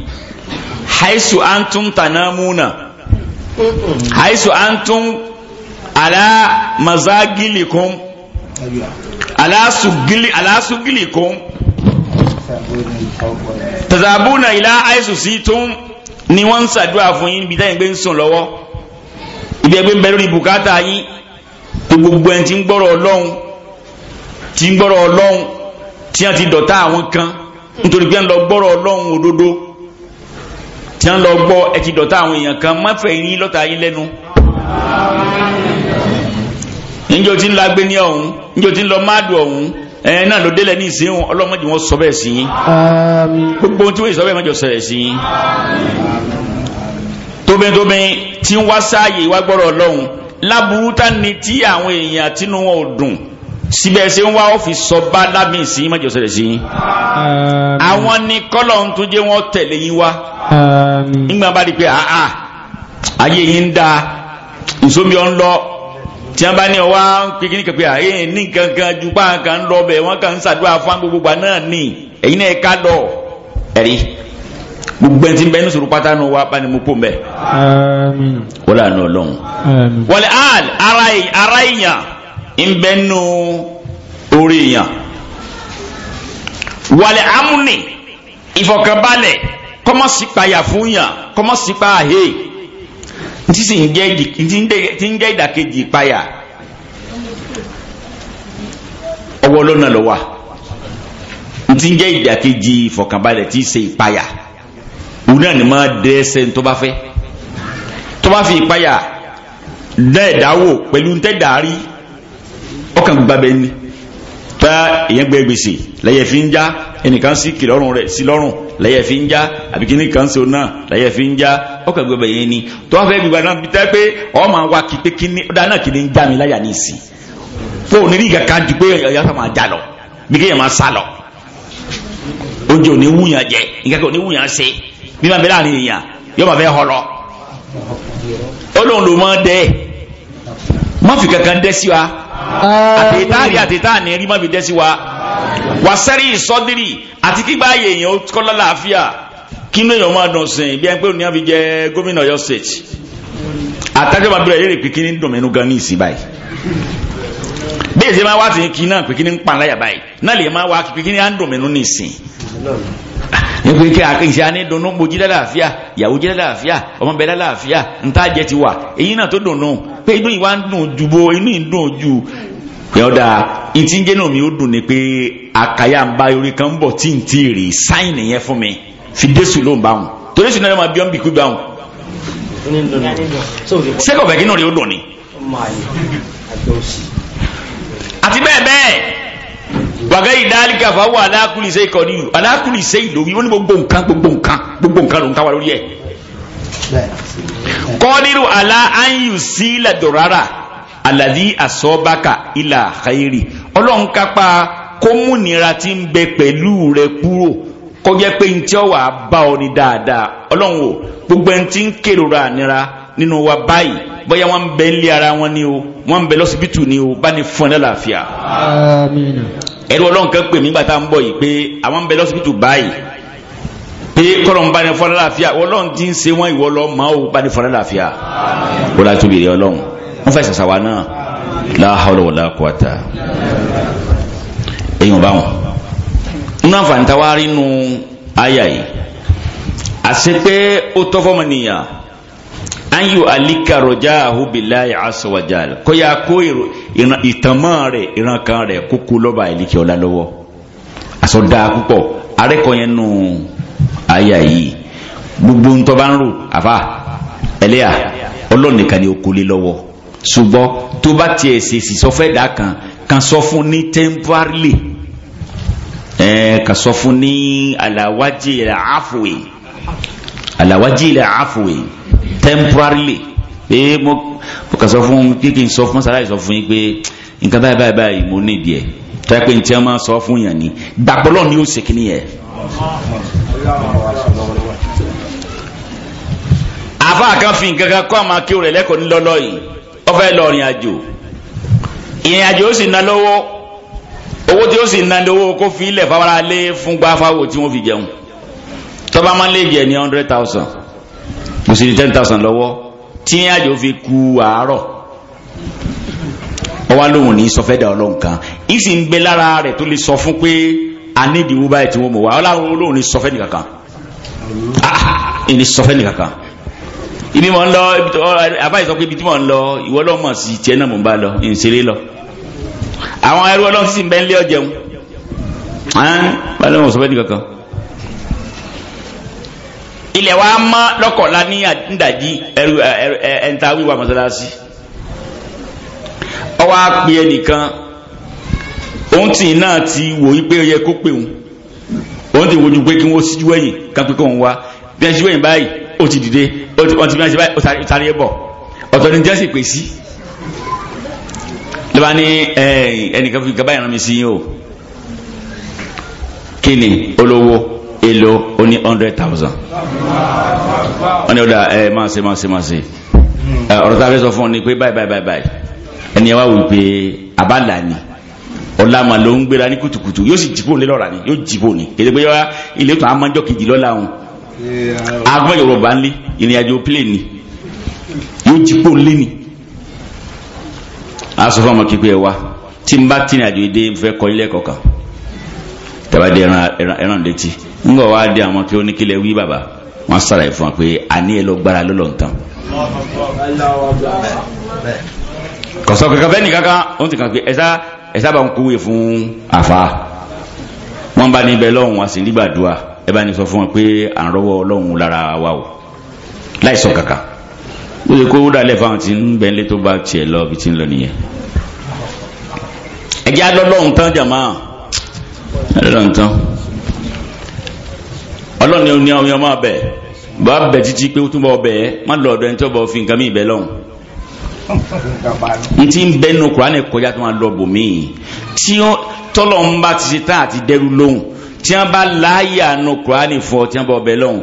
haisu antum tanamuna haisu antum ala mazagilikum ala sugili ala sugilikum tazabuna ila haisu situm ni wọ́n ń ṣàdúrà fún yín níbi táyìn gbé ń sùn lọ́wọ́ ibi ẹgbẹ́ ń bẹ lórí bùkátà yín gbogbo ẹni tí ń gbọ́rọ̀ ọlọ́run tí ń gbọ́rọ̀ ọlọ́run tí a ti dọ̀tá àwọn kan nítorí pé ń lọ gbọ́rọ̀ ọlọ́run òdodo tí a ń lọ gbọ́ ẹ ti dọ̀tá àwọn èèyàn kan má fẹ́ yín lọ́ta yín lẹ́nu. níjó tí ń la gbé ní ọ̀hún níjó tí ń lọ máàdù ọ̀hún ẹ náà ló délẹ̀ ní ìsìn ọlọ́mọdé wọn sọ bẹ́ẹ̀ sí yín gbogbo ohun tí wọ́n sọ bẹ́ẹ̀ mọ́jọ sọ̀rọ̀ sí yín tóbintóbin tí ń wá sáàyè wá gbọ́rọ̀ ọlọ́run láburú ni tí àwọn èèyàn tínú ò dùn síbẹ̀ ṣe ń wá ọ́fíìsì sọba lámì sí mọ́jọ sẹ̀rẹ̀ sí yín àwọn ni kọ́lọ̀ ń tún jẹ́ wọ́n tẹ̀lé yín wá nígbà bá di pé àà ah, ah, ayé yín ń da ìsómi ọ̀ ń lọ tí wọ́n bá ní ọwá kékeré kẹ̀kẹ́ àyè ah, eh, ní gangan ju bá nǹkan ń lọ bẹ̀ wọ́n kàn ń ṣàdúrà fún gbogbo gbà náà nì ẹ̀yin náà ká lọ ẹ̀rí gbogbo ẹni tí ń bẹ ní sọ̀rọ̀ pátá nù wá bá ní mú pò mẹ́. wọ́n lànà ọlọ́run. wọ́n lè ara èèyàn nbẹnu orí yàn wàlẹ̀ amúni ìfọ̀kànbalẹ̀ kọ́mọ́sípayà fún yàn kọ́mọ́sípa àhè tí sì ń jẹ́ ìdàkejì ìpayà ọwọ́ lọ́nà lọ́wà tí ń jẹ́ ìdàkejì ìfọ̀kànbalẹ̀ tí í ṣe ìpayà òun náà ni máa dẹ́sẹ̀ tó bá fẹ́ tó bá fi ìpayà dá ẹ̀dáwò pẹ̀lú ń tẹ́dàá rí ọkàn gbàgbẹ́ ni tá èèyàn gbẹ gbèsè lẹ́yẹ̀ fi ń já ẹnìkan sí kìlọ́rùn rẹ̀ sí lọ́rùn lẹ́yẹ̀ fi ń já àbí kan sí náà lẹ́yẹ̀ fi ń já ọkàn gbẹ̀bẹ̀ yẹn ni tó wá fẹ́ gbígbà náà bí tẹ́ pé ọmọ wa kì pé kíní ọ̀dà náà kì ní já mi láyà ní ìsìn fún òní rí kankan ju pé ọ̀yà fà máa já lọ bí kéèyàn máa sá lọ oúnjẹ òní wúyàn jẹ nǹkan kan òní wúyàn ṣe bí máa bẹ láàrin èèyàn yóò máa fẹ́ họ lọ ó ló máa dẹ́ má fi kankan dẹ́ sí wa àtẹ̀tàrí um, àtẹ̀tàní rí mọ́bi dẹ́sí wa wàsẹ́rì ìsọdírì àti kígbà ayé èèyàn kọ́ lálàáfíà kínú èèyàn máa dùn sìn bí ẹni pé òní àfi jẹ gómìnà Ọ̀yọ́ state àtàjọ bàbá rẹ̀ yé lè pé kí ní dùn mẹ́nu gan ní ìsìn báyìí bí èsì máa wá sí kí náà pé kí ní ń pa láyà báyìí náà lè máa wá pé kí ní à ń dùn mẹ́nu ní ìsìn nígbè kí àkíyèsí á ní dunnú mo jí lálàáfíà ìyàwó jí lálàáfíà ọmọ bẹ lálàáfíà ntá jẹ ti wà èyí náà pé inú ìwà ń dùn ju bo inú ìdùn ju pé ọ̀dà ìtìjẹ́ náà mi ó dùn ni pé àkàyà ń bá orí kan bọ̀ tí n ti rè sáìn yẹn fún mi fi désù ló ń bá wọn torí sùn náà máa bí ọ́n bì kú wọn. sẹ́kọ̀ bẹ́ẹ̀ kí náà rí ó dùn ni. àti bẹ́ẹ̀ bẹ́ẹ̀ gbàgá ìdálíkà fáwọn alákùlì sẹ́yìn kọ́ni alákùlì sẹ́yìn lórí ó ní gbogbo nǹkan gbogbo nǹkan gbogbo nǹkan ló ń káwa lórí ẹ̀ kọ́dírù alá áyù sí lẹ́dọ̀rárà àlàdí àsọ́bákà ilà àkàírì ọlọ́run kápá kó múnira tí ń bẹ pẹ̀lú rẹ kúrò kó jẹ́ pé ní tí ó wà bá ọ ní dáadáa ọlọ́run o gbogbo ẹni tí ń kérora ànira nínú wa báyìí bóyá wọ́n ń bẹ ara wọn ni o wọ́n ń bẹ lọ́sibítù ni o bá ní fún ẹ lálàáfíà. àmín. ẹ̀rù ọlọ́run kan pè mí gbàtà ń bọ̀ yìí pé àwọn bẹ lọ́sibítù báyìí pé kọ́lọ́n bá ní fọ́nà láàfíà ọlọ́run ti ń ṣe wọ́n ìwọ lọ mọ́ ò bá ní fọ́nà láàfíà ó láti tóbi rẹ ọlọ́run wa náà la hawla wala quwata èèyàn bá wọn. nínú àǹfààní tá a wá rí nu àyà yìí àṣẹ pé ó an yu alika rojahu billahi azza wa jal kó yà kó ìtànmọ́ rẹ̀ ìrànkan rẹ̀ kó kú lọ́ba ìlíkẹ́ ọ̀la lọ́wọ́ àsọdá púpọ̀ arẹ́kọ̀ọ́ yẹn nù. No àyà yìí gbogbo ń tọ́ba ń rò àfa ẹlẹ́yà ọlọ́nìkan ni ó kólé lọ́wọ́ ṣùgbọ́n tó bá tiẹ̀ ṣèṣì sọfẹ́ dà kan kan sọ fún ní temporarily ẹ̀ẹ́ kan sọ fún ní àlàwájì ilẹ̀ àfòwé àlàwájì ilẹ̀ àfòwé temporarily pé mo kàn sọ fún kí kí n sọ fún sáláì sọ fún yín pé nǹkan báyìí báyìí báyìí mo ní ìdí ẹ̀ tẹ́pẹ́ ní tí wọ́n máa sọ fún yàn ní gbàgbọ́lọ́ ni ó ṣe kí ni yẹn. Afa kan fi nǹkan kan kọ́ àmọ́ akéwò rẹ̀ lẹ́kọ̀ọ́ ńlọ́lọ́ yìí ó fẹ́ lọ ìrìn àjò ìrìn àjò ó sì ná lọ́wọ́ owó tí ó sì ná lówó kó fi ilẹ̀ fáwọn alẹ́ fún gbáfáwò tí wọ́n fi jẹun tọ́ba máa lè jẹ ní hundred thousand kò sì ní ten thousand lọ́wọ́ tí àjò fi ku àárọ̀ ọwọ́ lòun ní sọ fẹ́ dà ọlọ́run ń gbé lára rẹ̀ tó lè sọ fún pé a ní ìdíwó báyìí tí wọ́n mọ̀ wá ọlọ́run olóhùn ní sọfẹ́ nìkankan ah, ah, ní sọfẹ́ nìkankan ibi mọ̀ ń lọ àbáyé sọ pé ibi tí mọ̀ ń lọ ìwọ lọ́ mọ̀ sí tiẹ̀ náà mọ̀ ń bá lọ ìṣeré lọ àwọn ẹrú ọlọ́run sì ń bẹ́ ń lé ọ̀jẹun balẹ̀ wọn sọfẹ́ nìkankan ilẹ̀ wa mọ́ lọ́kọ̀ọ́lá ní àdìndàjì ẹrú ẹ̀ńtà wíwá mọ́sálásí ọwọ́ á pè é nìkan òun tì náà ti wò yí pé ó yẹ kó pè òun òun ti wojú pé kí wọ́n síjú ẹ̀yìn kápẹ́ kó òun wá bí wọ́n síjú ẹ̀yìn báyìí ó ti dìde wọ́n ti bí wọ́n ṣe báyìí ó sáré ẹ̀ bọ̀ ọ̀tọ̀ ni jẹ́sì pè sí lọ́ba ní ẹnìkan fi gaba ìran mi sí yín o kí ni olówó èlò ó ní hundred thousand wọ́n ní ọ̀dà ẹ̀ máa ṣe máa ṣe máa ṣe ọ̀rọ̀ tá a fẹ́ sọ fún ọ ni pé báyìí báyìí báyìí ẹni ẹ wá wù pé àbá ni ọ̀la mà ló ń gbéra ní kùtùkùtù yóò sì jìbò nílọ́ra ni yóò jìbò ni kéde pé ilé kan amájọ́ kejì lọ́la òun agbọ́n yorùbá ń lé ìrìn àjò plane ni yóò jìbò ń lé ni. a sọ fún ọmọ kíkọ́ ẹ wa tí n bá tìrìn àjò yìí dé fẹ́ kọ́ ilé ẹ̀kọ́ kan tàbádé ẹran létí ńgbọ̀ wá dé àwọn tí ó ní kílẹ̀ wí bàbá wọ́n sàlàyé fún wa pé àní ẹ lọ gbára lọ́lọ́ nǹkan kọ̀sọ́ kankan fẹ́ nìkankan ó ti kàn pé ẹ̀sà ẹ sábà ń kówé fún àfa wọ́n bá níbẹ̀ lọ́hùn àsìn nígbàdúrà ẹ bá ní sọ fún wọn pé à ń rọ́wọ́ ọlọ́hùn lára wa o láìsọ kàkà ó yẹ kó dàlẹ́ fáwọn tí ń bẹ́ńlé tó bá tiẹ̀ lọ bí tí ń lọ nìyẹn ẹ jẹ́ tán jàmá alọ́lọ́hùn tán ọlọ́ni ni àwọn ọmọ abẹ bá bẹ títí pé ó túnbọ̀ bẹ̀ má lọ ọ̀dọ̀ ẹni tó bọ̀ fi nǹkan mí ìbẹ̀ lọ́hùn ntí ń bẹ́ẹ̀ nù Kùránì kọjá tó máa lọ bò míì tí tọ́lọ̀ ń bá ti ṣe tán àti dẹ́rù lóhùn tí wọ́n bá láàyè àánú Kùránì fún ọ tí wọ́n bá ọbẹ̀ lọ́hùn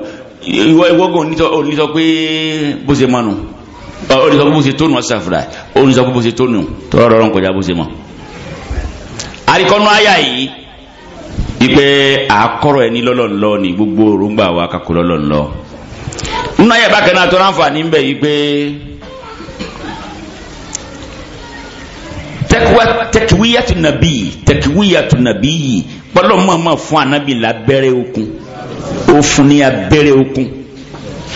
ìwọ ìwọ́gàn onítọ̀ pé bó ṣe mọ́nu onítọ̀ bó ṣe tónu ọ̀sán fúra onítọ̀ bó ṣe tónu tọ́lọ̀ rọrùn kọjá bó ṣe mọ́. àríkọ́nú àyà yìí ipe àkọ́rọ̀ ẹni lọ́lọ́nlọ́ ni gbogbo òrùngbà wa kakò lọ́lọ́nlọ́ nínú àyà bákan náà tó ráǹfà ní tẹkiwíyàtú nàbí tẹkiwíyàtú nabi yìí gbọ́dọ̀ mọ̀ mọ̀ fún anabi lábẹ́rẹ́ okun ó fún ní abẹ́rẹ́ okun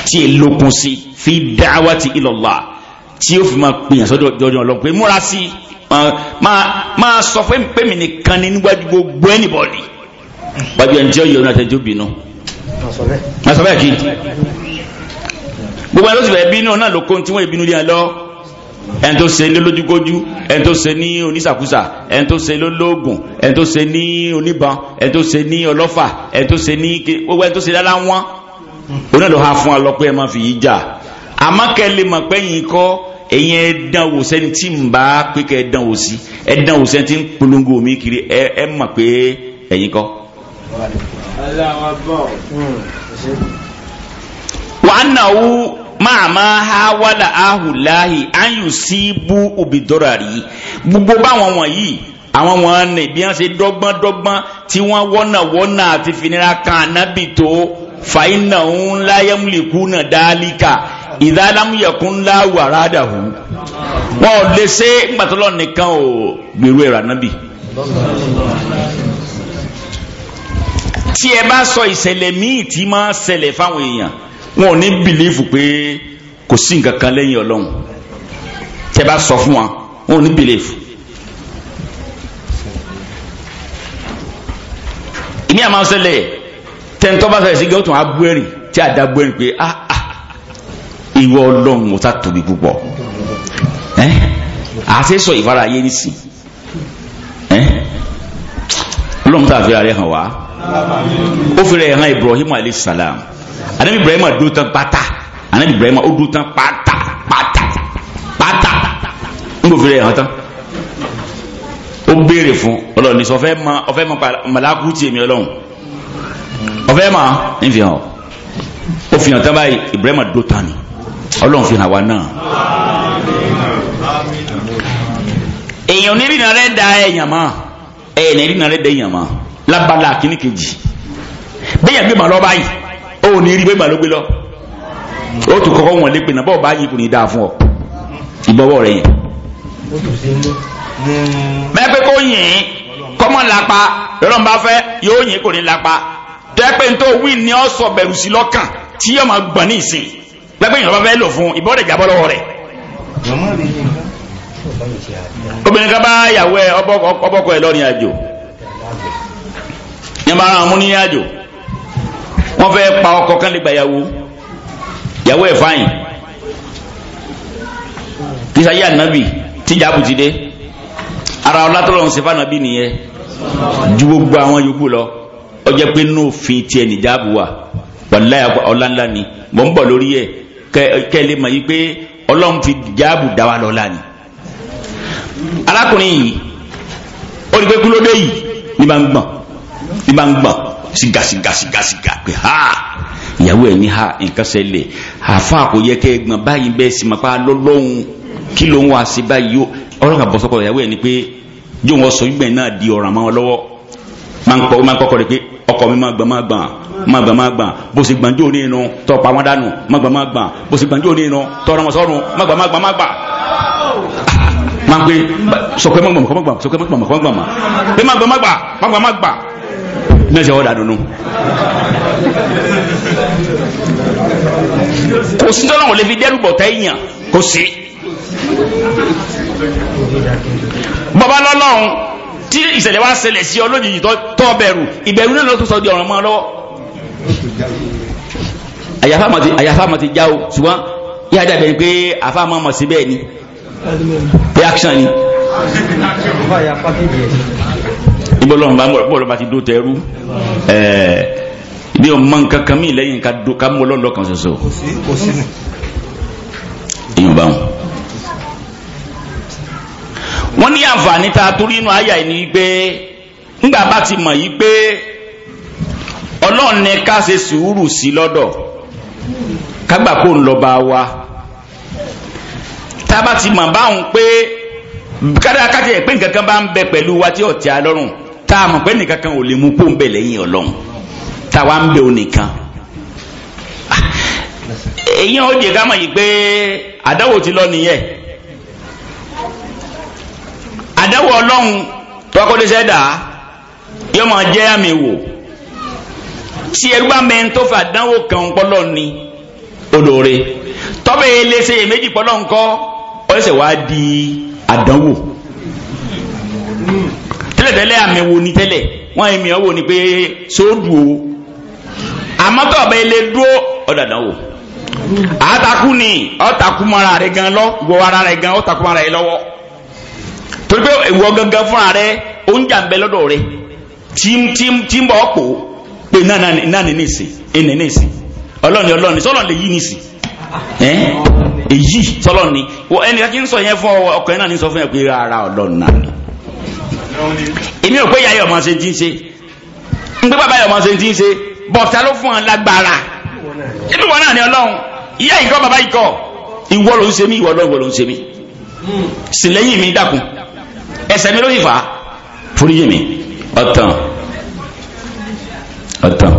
tí è e lókun sí fi dáwàtì ilallah tí ó fi máa pèyàn sọ́dọ̀ jọjọ lọ pé múra sí ma sọ pé pèmí nìkan ní níwájú gbogbo ẹnìbọ̀dì wájú ẹni tí ó yọ ọ́nà àtẹjọ́ bínú masọ̀bẹ́ kí gbogbo ẹni tó ti fẹ́ bínú náà lókun tí wọ́n ìbínú lé lọ ẹni tó ṣe ní lójúkójú ẹni tó ṣe ní onísàkúsà ẹni tó ṣe lólógùn ẹni tó ṣe ní oníbọn ẹni tó ṣe ní ọlọ́fà ẹni tó ṣe ní gbogbo ẹni tó ṣe dáadáa wọn òun náà ha fún ọ lọ máa fi yí jà àmọ́ kẹ́lẹ́ mọ̀ pé yín kọ́ ẹ̀yin ẹ wò sẹ́ni tí ń bá pé kẹ́ ẹ wò sí ẹ wò sẹ́ni tí ń polongo mi kiri ẹ ẹ mọ̀ pé ẹ̀yin kọ́. wàá nà wú máa máa ha wàlà ahùláhì ayùn sí bú òbídọ́rà rí gbogbo báwọn wọ̀nyí àwọn wọn ní bí wọ́n ṣe dọ́gbọ́n dọ́gbọ́n tí wọ́n wọ́nà wọ́nà àti finira kan ànábì tó fàyínà ń láyẹmúlẹ̀kú náà dálíkà ìdálámúyẹ̀kún láwàrá dàhù wọn ò lè ṣe gbàtọ́lọ́ nìkan ò gbèrú ẹ̀rọ ànábì tí ẹ bá sọ ìṣẹ̀lẹ̀ míì tí máa ń ṣẹlẹ̀ fáwọn èèyàn wọn ò ní bìlífù pé kò sí nǹkan kan lẹ́yìn ọlọ́run tẹ́ bá sọ fún wa wọn ò ní bìlífù. ìní àmà ṣẹlẹ̀ tẹ́ntọ́ bá ṣẹlẹ̀ sí gẹ́gẹ́ tó abú ẹ̀rìn tí a da abú ẹ̀rìn pé ah ah ìwọ ọlọ́run ọ̀tá tóbi púpọ̀ ẹ́ àṣẹ́sọ ìfara ayé nìsín ẹ́ ọlọ́run tá a fi ara rẹ̀ hàn wá ó fi rẹ̀ hàn Ibrahim alayhi salam anabi ibrahim dó tán pátá anabi ibrahim ó dó tán pátá pátá pátá n kò fi rẹ̀ hàn tán ó béèrè fún ọlọ́ọ̀ni sọ ọ̀fẹ́ ma ọ̀fẹ́ ma màlákù tiẹ̀ mi ọlọ́run ọ̀fẹ́ ma ń fi hàn ó fi hàn tán báyìí ibrahim dó tán ni ọlọ́run fi hàn wá náà èèyàn onírìnà rẹ̀ da ẹ̀yàn mọ́ ẹ̀yàn onírìnà rẹ̀ da ẹ̀yàn mọ́ lábala kìnnìkejì bẹ́ẹ̀ yẹn gbé màá báyìí ó ní rí bẹ́ẹ̀ màlúgbé lọ ó tún kọ́kọ́ wọn lépè náà bọ́ọ̀ bá yí kò ní dáa fún ọ ìbọ̀wọ̀ rẹ̀ yẹn. bẹ́ẹ̀ pé kó yìn kọ́mọ̀ lápá lọ́rọ̀ bá fẹ́ yóò yìn kò ní lápá tẹ́pẹ́ tó wí ni ọ sọ bẹ̀rù sí lọ́kàn tí yóò máa gbọ̀n ní ìsìn lẹ́pẹ́ ìyọ̀nba fẹ́ lò fún ìbọn rẹ̀ jábọ́ lọ́wọ́ rẹ̀. obìnrin kan bá yàwó ẹ ọbọkọ ẹ lọ́rin àjò yẹn bá ara àwọn mú ní àjò wọ́n fẹ́ pa ọkọ kan lè gba yàwó yàwó ẹ̀ fáyìn kìsàyé ànábì tíjàbù ti dé ara ọlátọ́lọ́ ń sefa ànábì nìyẹn ju gbogbo àwọn yòókù lọ ó jẹ́ pé ní òfin tiẹ̀ nìjàbù wà wàláyà ọ̀lànlá ni mọ̀ ń bọ̀ lórí ẹ̀ kẹ́ ẹ lè mọ̀ yí pé ọlọ́run fi jàbù dá wa lọ́la ni arákùnrin yìí ó ní pé kúlódé yìí ní bá ń gbọ̀n ní bá ń gbọ̀n sigasigasiga pé ha ìyàwó ẹ̀ ní ha nǹkan ṣẹlẹ̀ àfa kò yẹ kẹ́ gbọ̀n báyìí bẹ́ẹ̀ sì máa pa lọ́lọ́hún kí ló ń wá sí báyìí ọlọ́run àbọ̀ sọ́kọ̀ ìyàwó ẹ̀ ni pé jó wọn sọ ìgbẹ́ náà di ọ̀ràn mọ́ lọ́wọ́ máa ń kọ́kọ́ rẹ̀ pé ọkọ mi máa gbọ̀n máa gbọ̀n máa gbọ̀n máa gbọ̀n bó sì gbọ̀n jó ní inú tọ́ pa wọn dànù máa gbọ̀n máa gbọ̀n bó sì gbọ̀n jó inú tọ́ ọ̀rọ̀ wọn sọ́run máa gbọ̀n máa gbọ̀n máa gbọ̀n máa ń pè sọ̀kẹ́ máa gbọ̀n máa gbọ̀n sọ̀kẹ́ máa gbọ̀n máa gbọ̀n pé máa gbọ̀n máa gbọ̀n máa gbọ̀n máa gbọ̀n náà ṣe ọ̀dà dùnú. kò sí tọ́lọ́wọ̀n lè fi dẹ́rùbọ̀ tẹ́ èèyàn kò sí. bàbá lọ́lọ́run tí ìṣẹ̀lẹ̀ wa ṣẹlẹ̀ sí ọ lójijì tó bẹ̀rù ìbẹ̀rù náà ló tún sọ di ọ̀ràn mọ́ ọ lọ́wọ́. àyàfà mọ̀ ti já o ṣùgbọ́n yíyá dàbẹ̀ pé àfà mọ̀ mọ̀ síbẹ̀ ni reaction ni. níbo lọ́wọ́ bá ń bọ̀ ti dó tẹ́rú bí o mọ nǹkan kan mí lẹ́yìn ká ká mọ lọ́lọ́ kan ṣoṣo èèyàn bá wọn. wọ́n ní àǹfààní tá a torí inú àyà ni pé ńgbà bá ti mọ̀ yìí pé ọlọ́run ní ká ṣe sùúrù sí lọ́dọ̀ wa tá a ti mọ̀ báwọn pé kádàkátì ẹ̀ pé nǹkan kan bá ń bẹ pẹ̀lú wa tí ọ̀tí tá a mọ̀ pé nìkan kan ò lè mú kó ń bẹ̀ lẹ́yìn ọlọ́run tá a wá ń bẹ̀ ò nìkan. èyí ò jẹ́ ká mọ̀ yìí pé àdáwò ti lọ nìyẹn àdáwò ọlọ́run tọkọdẹ́sẹ̀ dà yóò máa jẹ́ àmì wò tí ẹrú bá mẹ́rin tó fà dánwò kan pọ́lọ́ ni olóore tọ́bẹ̀ elése méjì pọ́lọ́ ńkọ́ ọ̀rẹ́sẹ̀ wá di àdánwò. tẹ́lẹ̀tẹ́lẹ̀ àmì wo tẹ́lẹ̀ wọ́n èmi ọ̀wọ́ pé sóòdù o àmọ́ tó ilé o àtàkù ni ọ̀tàkù mọ́ra rẹ̀ gan lọ ìwọ ara rẹ̀ gan ọ̀tàkù mọ́ra rẹ̀ lọ́wọ́ torí pé ìwọ gangan fúnra oúnjẹ lọ́dọ̀ tí ń bọ̀ pé ní ẹnì ọlọ́ni ọlọ́ni lè yí èyí kí sọ yẹn fún ọkọ̀ èmi ò pé ìyá yọ̀ mọ́ ṣe ti ń ṣe ń pé bàbá yọ̀ mọ́ ṣe ti ń ṣe bọ̀tà ló fún ọ lágbára inú wọn náà ni ọlọ́run ìyá ìkọ́ bàbá ìkọ́ ìwọ ló ń ṣe mí ìwọ ló ń ṣe mí sì mi dákun ẹsẹ̀ mi ló yìí fà á foríjì mi ọ̀tàn ọ̀tàn.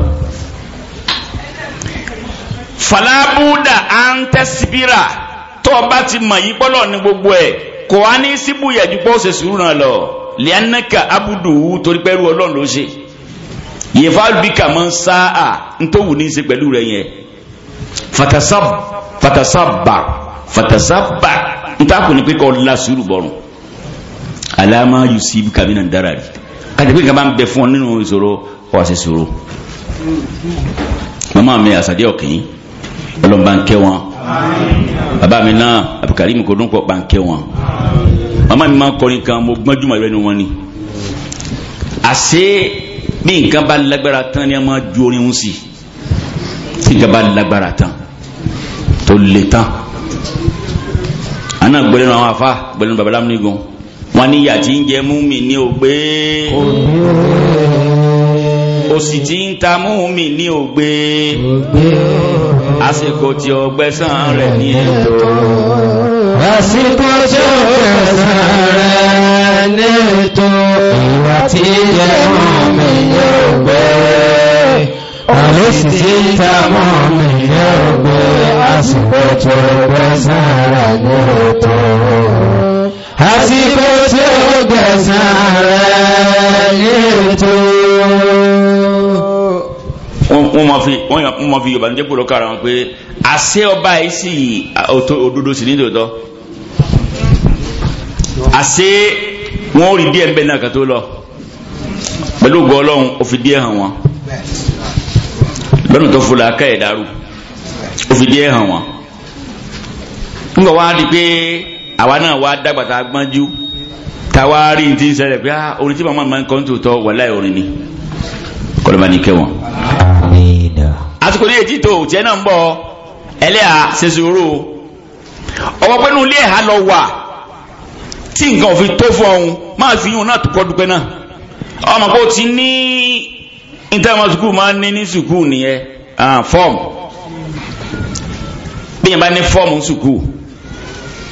falabuda antẹsibira tó o bá ti mọ̀ yí bọ́lọ̀ ní gbogbo ẹ̀ kò á ní síbùyàjú pé ó ṣe sùúrù náà lọ lianaka abudu torí pé ẹrú ọlọ́run ló ṣe yefa bika mọ nsáà ntòwù ní í ṣe pẹ̀lú rẹ yẹn fatasab fatasaba fatasaba ntaakùn ní pé kọ́ bọ̀rùn alama yusuf kamina dara rí kàtàkì kaba ń bẹ fún ọ nínú ìṣòro ọ ṣe ṣòro mama mi asade ọkìn ọlọ́run bá ń kẹ́ wọn bàbá mi náà abukari mi kò dún pọ̀ bá ń kẹ́ wọn. Mama mi máa ń kọrin kan mo gbọ́njú màá lẹ́nu wọn ni àṣé bí nǹkan bá lágbára tán ni a máa ju orin ń sí tí nǹkan bá lágbára tán tó le tán àná gbẹlẹ́nu àwọn afá gbẹlẹ́nu babaláwo nígun wọn ní ìyà tí ń jẹ mú mi ní ògbé ó sì ti ń ta mú mi ní ògbé àsìkò tí ọgbẹ́ sàn rẹ̀ ní ètò àsìkò tó kẹsàrẹ́ nítò ìwà tí ẹmọ́ mi yóò gbé àlèsì tí tamọ́ mi yóò gbé àsìkò tó kẹsàrẹ́ nítò àsìkò tó kẹsàrẹ́ nítò wọ́n ma fi wọ́n ma fi yorùbá ní jẹ́ pòlọ́kà ara pé àṣẹ ọba yìí sì òdodo sì ní àṣé wọn rí díẹ̀ ń bẹ̀ náà kàtó lọ pẹ̀lú ògbọ́ ọlọ́run ó fi díẹ̀ hàn wọn lọ́nà tó fọlọ́ fi díẹ̀ hàn di pé àwa náà wá dàgbà tá a gbọ́njú tá a wá rí ní ti ń ṣẹlẹ̀ pé ah, orin tí màmá máa ń kọ́ ń tòótọ́ orin ni ní kẹwọn. àsìkò ní ètí tó náà ń bọ̀ ṣe sùúrù tí nǹkan fi tó fún ọ̀hún máa fi yún náà tó kọ́ dúpẹ́ náà ọmọ kò ti ní ìtẹ́wọ̀n ma máa ní ní sukùl nìyẹn fọ́ọ̀mù bí yẹn bá ní fọ́ọ̀mù sukùl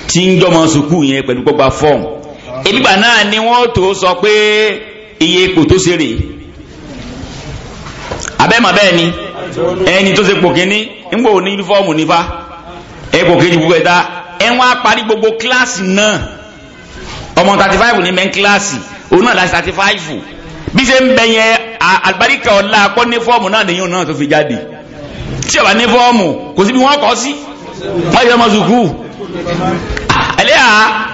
tí ń jọmọ yẹn pẹ̀lú fọ́ọ̀mù ìgbà iye ipò tó ṣe bẹ́ẹ̀ ni ẹni tó ṣe pò ńgbò ní gbogbo ẹ̀dá ẹ̀ ọmọ thirty five ni mẹ́ń kíláàsì òun náà láti thirty five bí ṣe ń bẹ yẹn àlùbáríkà ọ̀la akọ́ ní fọ́ọ̀mù náà nìyẹn náà tó fi jáde tí ọba ní fọ́ọ̀mù kò síbi wọ́n kọ́ sí wọ́n yẹ ọmọ sùkú ah, ẹlẹ́yà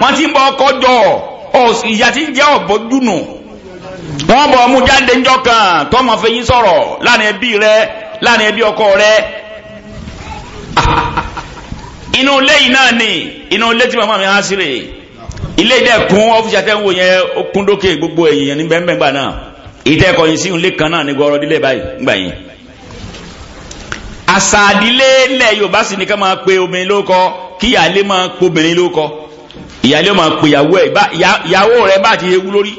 wọ́n ti ń bọ ọkọ jọ ìyá ti ń jẹ́ ọ̀bọ dùnù wọ́n bọ̀ ọmú jáde ńjọ kan tọ́mọ fẹ́yìn sọ̀rọ̀ láàrin ẹbí rẹ láàrin ẹbí ọkọ rẹ ah, inú ilé yìí náà ni inú ilé tí màmá mi há sí rèé. ilé ìdẹ kún ọfíìsì àtẹwò yẹn ó kún dókè gbogbo ẹ̀yìn yẹn ní na náà ìtẹ́ ẹ̀kọ́yìn sí ilé kan náà ní gbọ́rọ̀ dílé báyìí gbà yẹn. àṣà ilẹ̀ Yorùbá sì ní ká máa pe obìnrin ló kọ kí ìyáálé máa pe obìnrin ló kọ ìyáálé máa pe ìyàwó ẹ̀ ìyàwó rẹ̀ ewu lórí.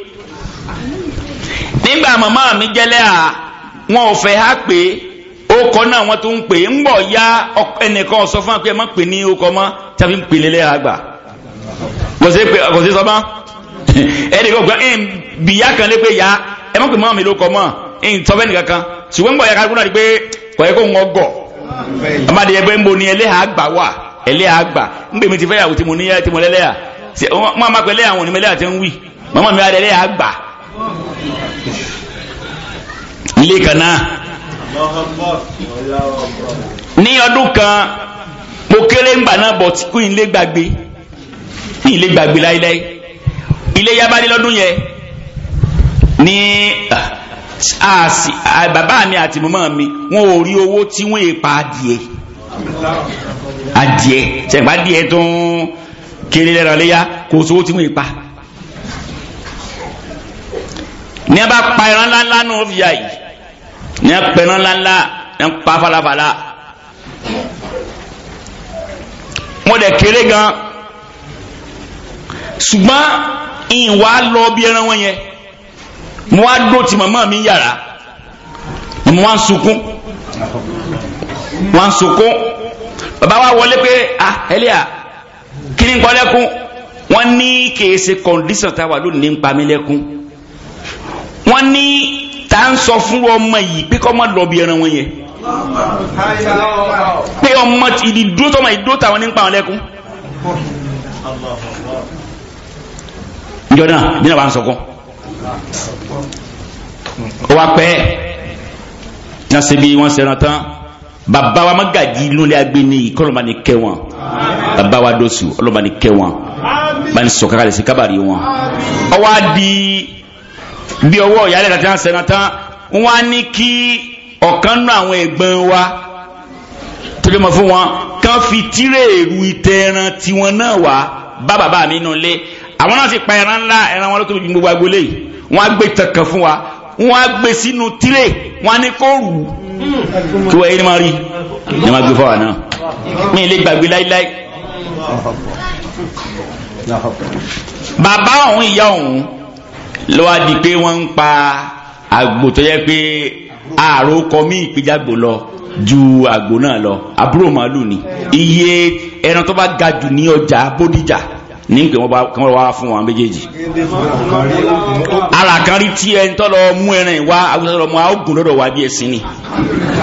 nígbà màmá mi jẹ́lẹ́ à wọn ò fẹ́ há pé kọ náà wọ́n ń pè ń ya ẹnìkan kò sí pé kò sí sọ mọ́ ẹni kò gbọ́n ẹn bìyà kan lé pé ya ẹ mọ̀ pé mọ́ mi ló kọ́ mọ́ ẹn sọ fẹ́ nìkan kan ṣùgbọ́n ń gbọ́ ya ká kúrò pé kò yẹ kó ń gọ̀ ọmọdé ẹgbẹ́ ń bo ni ẹlẹ́hàá gbà wà ẹlẹ́hàá gbà ń gbèmí ti fẹ́ yàwó tí mo níyà tí mo lẹ́lẹ́yà wọ́n máa pẹ́ lẹ́yà àwọn onímọ̀lẹ́yà ti ń wì mọ́mọ́ mi adé lẹ́yà gbà ilé kan ní ọdún kan mo kéré ń gbà náà bọ̀ tí kúnyìn lé gbàgbé tí ilé gbàgbé láíláí ilé yabadé lọ́dún yẹn ní bàbá mi àti mọ́mọ́ mi wọ́n ò rí owó tí wọ́n è pa adìẹ adìẹ sẹ̀gbá adìẹ tó ń kéré lẹ́ran léyà kò sówó tí wọ́n è pa ní a bá pa ẹran ńláńlá náà fi yà yìí ní a pa ẹran ńláńlá ní a pa falafala wọ́n dẹ̀ kéré gan-an ṣùgbọ́n ìwà lọ bí ẹran wọn yẹn mo wá dó ti màmá mi yàrá mo wá sunkún wá sunkún bàbá wa wọlé pé ah ẹlẹ́yà kí ni nǹkan lẹ́kún wọ́n ní kìí ṣe kọ̀ǹdíṣàn tá a wà lónìí ń pa mí lẹ́kún wọ́n ní tá à ń sọ fún ọmọ yìí pé kọ́ máa lọ bí ẹran wọn yẹn pé ọmọ ìdí dúró tọmọ ìdúró táwọn ní ń lẹ́kún njọ náà bí náà wà ń sọkún ó wá pẹ́ náà ṣe bí wọ́n ṣe ràn tán bàbá wa Magaji lónìí agbeni kọ́lọ́mà ní kẹ́ wọn bàbá wa dọ̀sù ọlọ́mà ní kẹ́ wọn bá ní sọ̀kà kalẹ̀ sí kábàárì wọn ó wá di bí ọwọ́ ìyálẹ̀ tàbí àwọn ṣẹ̀ràn tán wọ́n á ní kí ọ̀kan nú àwọn ẹ̀gbọ́n wa torí mọ̀ fún wọn kán fi tírèèrú ìtẹ̀ràn tiwọn náà wá bá bàbá mi nù lé àwọn náà sì pa ẹran ńlá ẹran wọn ló tóbi ju gbogbo agbolé yìí wọn á gbé tẹkàn fún wa wọn á gbé sínú tíré wọn á ní kó rù ú kí wọ́n ẹni máa rí ẹni máa gbé fáwọn náà mi ì lè gbàgbé láíláí. bàbá òun ìyá òun ló wá di pé wọ́n ń pa àgbò tó yẹ pé ààrò kọ mí ìpéjàgbò lọ ju àgbò náà lọ àbúrò màálù ni iye ẹran tó bá ga jù ní ọjà bódìjà ní pé wọ́n wá fún wọn méjèèjì ara kan rí tí ẹni tọ́lọ mú ẹran ìwá agbésọ́lọ mú ogun lọ́dọ̀ wá bí ẹ̀sìn ni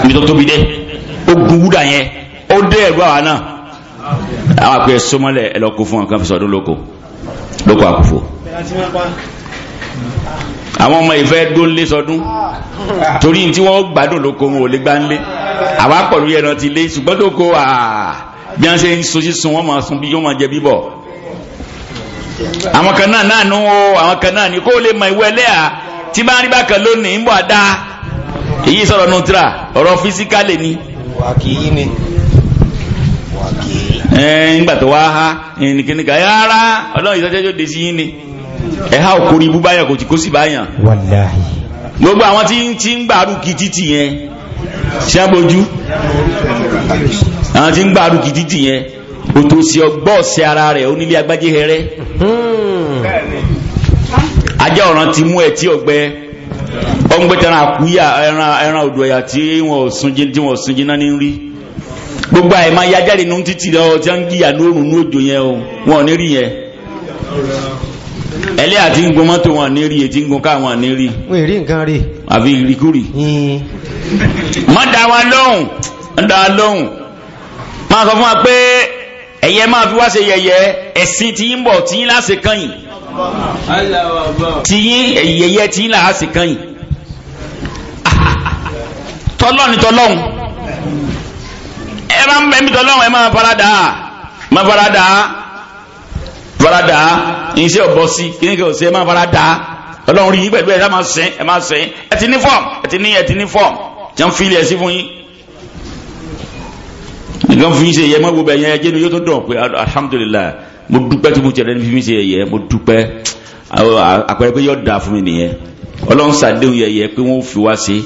ibi tó tóbi dé ogun wúdà yẹn ó dé ẹ̀rú àwa náà àwọn àpẹ sọmọlẹ ẹlọkọ fún wọn kan fi sọdún lóko lóko àkùfò àwọn ọmọ ìfẹ́ dónlé sọdún torí tí wọ́n gbádùn lóko wọn ò lè gbá ńlé àwa pọ̀ lórí ẹran ti lé ṣùgbọ́n tó kó àà bí wọ́n ṣe ń sojú sun wọ́n máa sun bí wọ́n máa jẹ bíbọ̀ àwọn kan náà náà nù ó àwọn kan náà ní kó lè mọ ìwé ẹlẹ́à tí bá ń rí bákan lónìí ń bọ̀ dá èyí sọ̀rọ̀ ọ̀rọ̀ ni. ńgbà tó wá ha ọlọ́run ìsọjọ́ yóò dé sí yín ni ẹ ha òkú gbogbo àwọn tí ń tí ń gbàrú kì títì yẹn àwọn tí ń gbàrú kì títì yẹn òtòsí Hmm. ajá ọ̀ràn ti mú ẹ tí ọgbẹ́ ọgbẹ́ tẹran àkúyà ẹran odò ẹ̀yà tí wọ́n gbogbo àyè máa yájáde nù títì lọ tí wọ́n ń ní òjò o ní rí yẹn ẹlẹ́ àti gun mọ́tò wọn ní rí gun káwọn ní rí wọ́n nǹkan rí hmm. sọ fún wa pé ẹ̀yẹ máa fi wá ṣe yẹ̀yẹ́ ẹ̀sìn tí ń bọ̀ tí ń láṣẹ kẹ́yìn tí ń yẹ̀yẹ́ tí ń láṣẹ kẹ́yìn tọ́lọ́ni tọ́lọ́hun ẹ máa ń bẹ̀mí tọ́lọ́hun ẹ máa farada máa farada farada iṣẹ́ ọ̀bọ sí kíní kí o ṣe máa farada ọlọ́run rí yín pẹ̀lú ẹ̀ ẹ máa sẹ́n ẹ máa sẹ́n ẹ ti ní fọ́ọ̀mù ẹ ti ní ẹ ti ní fọ́ọ̀mù jẹun fílẹ̀ sí fún yín nǹkan fi ṣe yẹ mọ́ gbogbo ẹ̀yẹ ẹjẹ́ ni yóò tó dùn pé alhamdulilayi mo dúpẹ́ tí mo jẹ lẹ́nu fi ṣe yẹ mo dúpẹ́ àpẹẹrẹ pé yóò dáa fún mi nìyẹn ọlọ́run ṣàdéhùn yẹyẹ pé wọ́n fi wá sí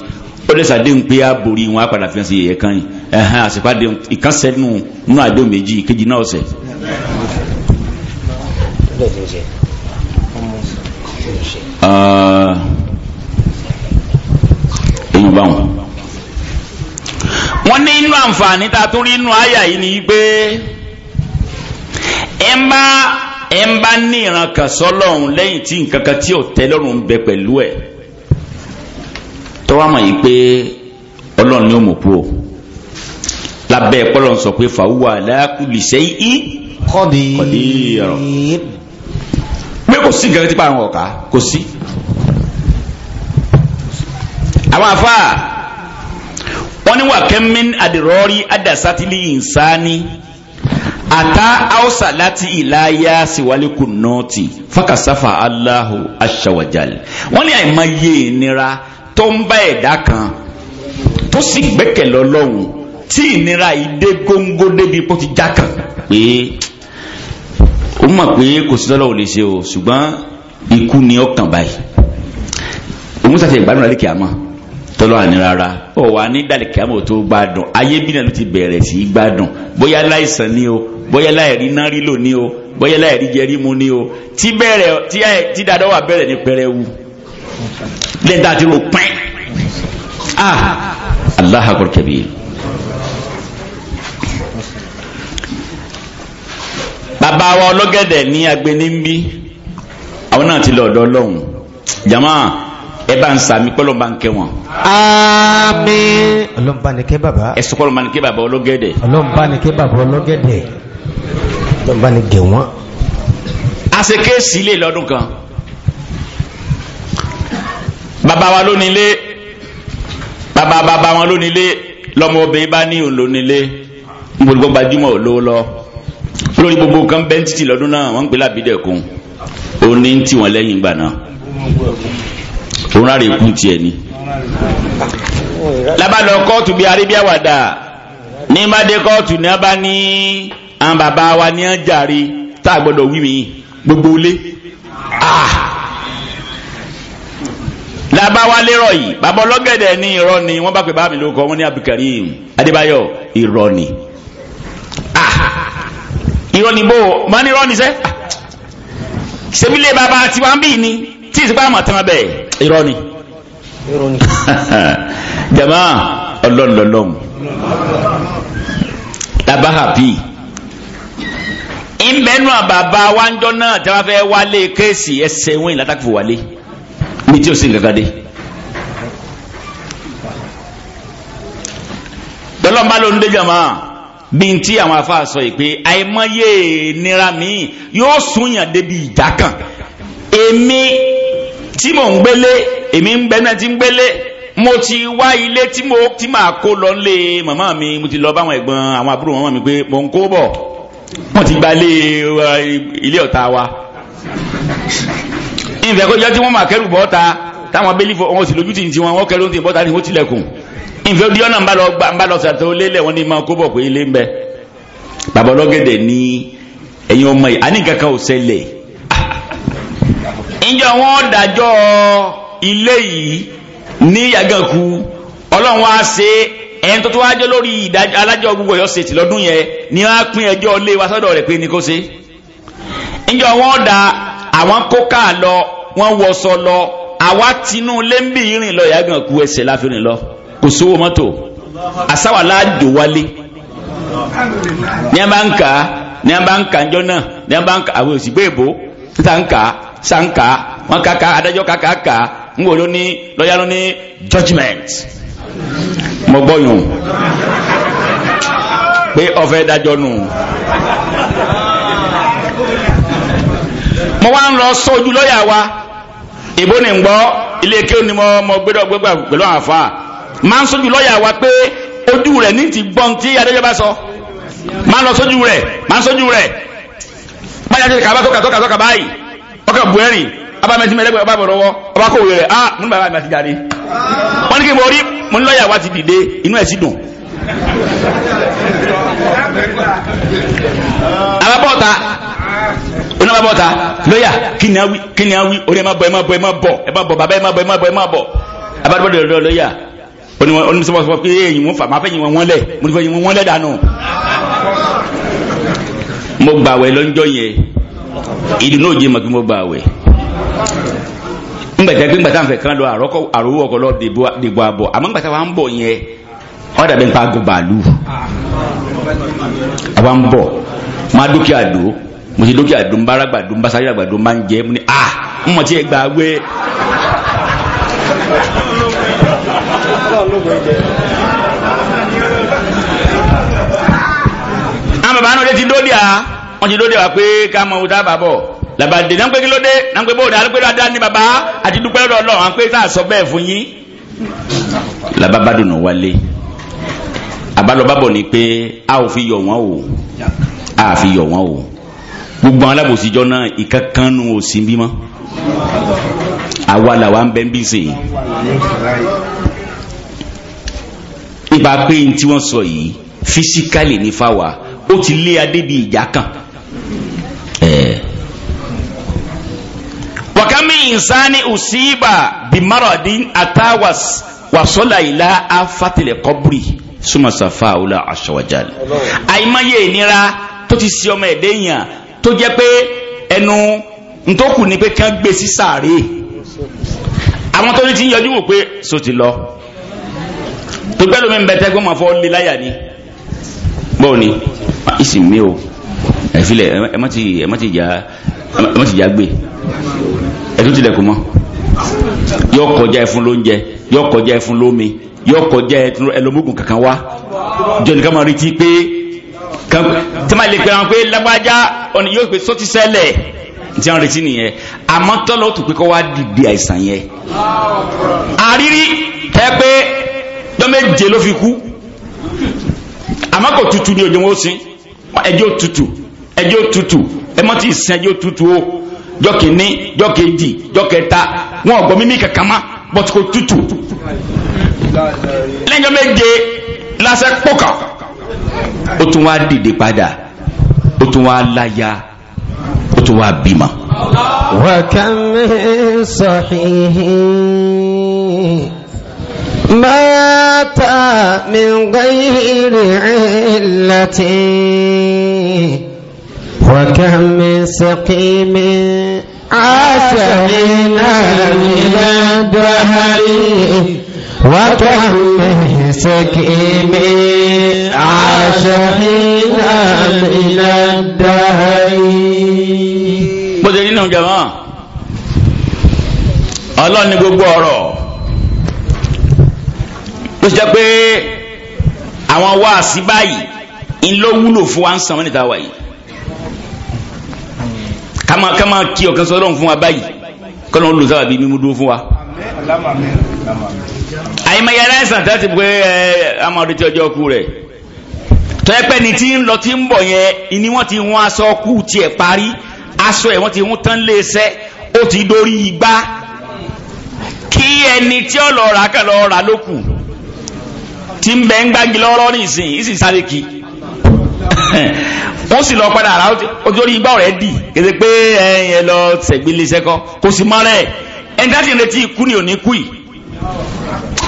ó lè ṣàdéhùn pé á borí wọn á padà fi hàn sí yẹyẹ kan yìí ẹ̀hán àṣepàdé ìkànsẹ́ nù nù àdéhùn méjì ìkejì náà ọ̀sẹ̀. Ah, èèyàn báwọn wọ́n ní inú àǹfààní tá a tún rí inú àyà yìí ni pé ẹ ń bá ẹ ń bá ní ìran kan sọ́lọ́run lẹ́yìn tí nǹkan kan tí ò tẹ́ lọ́rùn ń bẹ pẹ̀lú ẹ̀ tọ́wọ́ mọ̀ yìí pé ọlọ́run ni ó mọ̀ o lábẹ́ pọ́lọ́n sọ pé fàwùwà aláàkúlì sẹ́yìn kọ́dìrọ̀ pé kò sí nǹkan tí pa ọ̀ka kò sí àwọn afáà wọ́n ní wà kẹ́mín àdìrọ́rí àdàsátìlì ìsáni àtà haúsá láti ìláyà síwálẹ́kù nọ́ọ̀tì fàkàsáfà Allahu aṣàwàjàl wọ́n ní àìmọye ìnira tó ń bá ẹ̀dá kan tó sì gbẹ́kẹ̀lé Ọlọ́run tí ìnira yìí dé góńgó débi pọ́ ti já kan pé ó mọ̀ pé kò sí tọ́lọ́ ò lè ṣe o ṣùgbọ́n ikú ni ọkàn báyìí òun ṣàṣẹ ìgbádùn lálékè àmọ́ tọ́lọ́ àní rárá ó wà ní dàlìkàmọ́ tó gbádùn ayé bí náà ló ti bẹ̀rẹ̀ sí gbádùn bóyá láìsàn ni o bóyá láìrí náà rí lò ní o bóyá láìrí jẹ rí mu ní o tí bẹ̀rẹ̀ tí dáadáa wà bẹ̀rẹ̀ ní pẹrẹwu lẹ́ńtà tí mo pẹ́ ah Allah akbar kabir. bàbá wa ọlọ́gẹ̀dẹ̀ ní agbẹ̀ni ń bí àwọn náà ti lọ ọ̀dọ̀ ọlọ́run jama ẹ bá ń sàmì pẹ́ lọ́nba ń kẹ́ wọn. àmín. ọlọ́nba ni kẹ́ bàbá. ẹ sọ́kọ́ ọlọ́nba ni kẹ́ bàbá ọlọ́gẹ̀dẹ̀. ọlọ́nba ni kẹ́ bàbá ọlọ́gẹ̀dẹ̀. ọlọ́nba ni gẹ̀ wọ́n. a ṣe kéèsì ilé lọ́dún kan. bàbá wa ló nílé bàbá bàbá wọn ló nílé lọ́mọ obìnrin bá ní òun ló nílé gbajúmọ̀ ló lọ lórí gbogbo kan bẹ́ńtì lọ́dún náà wọ́n ń lábídẹ̀kùn òun ní ń lẹ́yìn gbà náà òun rárá ikú tiẹ̀ ni. lábàlọ kóòtù bíi arábíàwàdà ní mádé kóòtù ní abá ní àwọn bàbá wa ní àjàre tá a gbọ́dọ̀ wí mi gbogbo ilé. Ah. lábá lérò yìí bàbá ọlọ́gẹ̀dẹ̀ ní irọ́ ni wọ́n bá pè bá mi lóko wọ́n ní Abdulkareem Adébáyọ̀ irọ́ ni ah. irọ́ ni bó o máa ní irọ́ ni sẹ́ sẹ́mi ah. lé bàbá tiwa ń bì ní tí ìsìnkú àmọ̀ tán bẹ́ẹ̀ irọ́ ni jama ọlọ́nlọ́lọ́n labaha bi ìbẹ́nu àbàbà wájọ́ náà tí wọ́n fẹ́ wálé kéèsì ẹsẹ̀ wọn ìlàtàkùn wálé ní tí ó sì ń kankan dé. tọ́lọ́mbà ló ń dé jama bí n tí àwọn afa sọ yìí pé àìmọye nira mi yóò súnyàn débi ìjà kan èmi. E tí mò ń gbélé èmi ń ti ń gbélé mo ti wá ilé tí mo ti máa kó lọ lé màmá mi mo ti lọ bá àwọn ẹ̀gbọ́n àwọn àbúrò màmá mi pé mò ń kó bọ̀ wọ́n ti gba ilé uh, ọ̀tá wa ìfẹ́ tí wọ́n máa kẹ́rù ta táwọn abẹ́lí fọ wọn sì lójú tì wọn kẹ́rù tì ni wọ́n tilẹ̀kùn gba lélẹ̀ wọn ni máa kó bọ̀ pé ilé ń ni ẹ̀yin ọmọ yìí ìjọ wọn dájọ́ ilé yìí ní yàgànkú ọlọ́run wá ṣe ẹni tó tó wájọ́ lórí alájọ́ gbogbo Ọ̀yọ́ ṣètì lọ́dún yẹn ni wọ́n á pín ẹjọ́ ilé wa sọ́dọ̀ rẹ̀ pé ní kó ṣe ìjọ wọn da àwọn kókà lọ wọ́n wọṣọ lọ àwa tinú lẹ́ńbì rìn lọ yàgànkú ẹsẹ̀ láfi rìn lọ kò sówó mọ́tò àsáwàlá jò wálé ní a bá ń kà ní a bá ń kà ń jọ náà ní a bá ń kà àwọn òsì gbé èbó níta ń kà á sanka wọn kaka adájọ́ kaka ka n wò ló ní lọ́yà ló ní judgement mo gbọ́ yùn pé ọ̀fẹ́ dájọ́ nù. mo wá ń lọ sójú lọ́yà wa ìbò ní ń gbọ́ ilé kí ó ní mo gbẹ́dọ̀ gbẹ́gbà pẹ̀lú àwọn àfa máa ń sójú lọ́yà wa pé ojú rẹ̀ ní ti gbọ́n tí adájọ́ bá sọ máa ń lọ sójú rẹ̀ máa ń sójú rẹ̀ báyà ti kàbá tó kàtó kàtó kàbá yìí ọkà buhari abamẹsí mẹlẹgbẹ ọba bọrọwọ ọba kò wẹrẹ ah mo ní bàbá mi àti jáde wọn ní kí n bọ rí mo ní lọ́ọ̀yà wa ti dìde inú ẹ̀ sì dùn. ababọ́ta oní ababọ́ta lọ́ọ̀yà kí ni a wí kí ni a wí oní ẹ má bọ̀ ẹ má bọ̀ ẹ má bọ̀ ẹ má bọ̀ bàbá ẹ má bọ̀ ẹ má bọ̀ ẹ má bọ̀ abadọ́dọ̀ lọ́ọ̀ lọ́ọ̀yà onímọ̀sọ́fọ́ mo ní fẹ́ yìn ìlú náà jẹ́ mọ̀ kí mo wẹ̀ ngbàtà pé ngbàtà nfẹ kan lọ àrọkọ dìbò àmọ́ ngbàtà wa ń bọ̀ yẹn wọn dàbí nípa ago bàálù àwa ń bọ̀ má dúkìá dò mo ti dúkìá dò ń ń bá ń jẹ mo ní ah ń mọ̀ tí ẹ gbà ti à. wọ́n ti lóde wá pé ká mọ ohun dábàá bọ̀ làbàdé náà ń pé kí lóde náà ń pé bóòdà ló pé dáadáa ní baba àti dúpẹ́ lọ́dọ̀ Ọlọ́run à ń pé tá a sọ bẹ́ẹ̀ fún yín. làbàbà dùnà wálé àbálọ́bàbọ̀ ni pé a ò fi yọ̀ wọ́n o a fi yọ̀ wọ́n o gbogbo àwọn alábòsíjọ́ náà ìkankannu ò sí bímọ àwa làwa ń bẹ́ ń bí sèyí nípa pé tí wọ́n sọ yìí fisikali ní fáwa ó ti lé adé ìjà kan Eh. wakami wàkàmí ìsáni ùsíbà bìmárọ̀dín ila wàsọ́là ìlà afatilẹ̀ kọ́bùrì súnmọ̀sáfà ọ̀là àṣọwájàlì. àìmọye ìnira to ti si ọmọ ẹ̀dẹ́ yàn tó jẹ́ pé ẹnu ntòkù ni pe kan gbe sí sàárè àwọn tó ní ti ń yọjú wò pé so ti lọ tó gbẹ́lómi ń bẹ tẹ́gbọ́n máa fọ́ lé láyà ni bọ́ọ̀ ni ìsìn ah, mi o. ẹ filẹ̀ ẹ má ti ẹ má ti jà ẹ má ti jà gbé ẹ tún tilẹ̀ kù mọ́ yọ kọjá ẹ fún lóúnjẹ yọ kọjá ẹ fún lómi yọ kọjá ẹ lọmọgùn kankan wá jọni ká máa retí pé tẹ́lá lè pe àwọn pé lágbájá ọ̀nà yóò pe sọ́tí sẹ́lẹ̀ tí wọ́n retí nìyẹn àmọ́ tọ́lá ó tún pé kọ́ wá dìde àìsàn yẹn àrírí tẹ́ pé dọ́méje ló fi kú àmọ́ kò tutù ní òjò wọn ó ẹjọ́ tutù ẹjọ́ tutù ẹ mọ́ ti sin ẹjọ́ tutù o jọ́ kìíní jọ́ kejì jọ́ kẹta wọn ò gbọ́ mímí kankan mọ́ bọ́tù kò tutù lẹ́jọ́ méje lásẹ̀ pọ̀kà ó tún wá dìde padà ó tún wá láya ó tún wá bímọ. وكم من صحيح مات من غير علة وكم من سقيم عاشقنا من الدهر وكم من سقيم عاشقنا من الدهر bóde nínú jama ọlọ́ni gbogbo ọ̀rọ̀ ló ṣe jẹ́ pé àwọn wáàsí báyìí ń ló wúlò fún wa ń sanwó níta wáyìí kama kama kí ọ̀kan sọ́dọ̀ fún wa báyìí kọ́nà olùsáwà bíi mímú dúró fún wa. àyèmáyé aláìsàn tá a ti pé ẹ amadu tí ọjọ́ kú rẹ̀ tọ́yẹ́pẹ́ ni tí ń lọ tí ń bọ̀ yẹn ni wọ́n ti hún aṣọ kú tiẹ̀ parí aṣọ ẹ̀ wọ́n ti hún tán léṣẹ́ ó ti dórí igbá kí ẹni tí ó lọ rà kàn lọ rà ló kù tí ń bẹ ń gbági lọ́rọ́ nísìnyí ìsìn sáré kí wọ́n sì lọ padà rà ó ti dórí igbá ọ̀rẹ́ dì kìí pé ẹ̀yìn ẹ lọ sẹ̀gbìlì sẹ́kọ́ kò sí mọ́rẹ́ ẹ̀ ẹni tá ti retí ikú ni ò ní kú yìí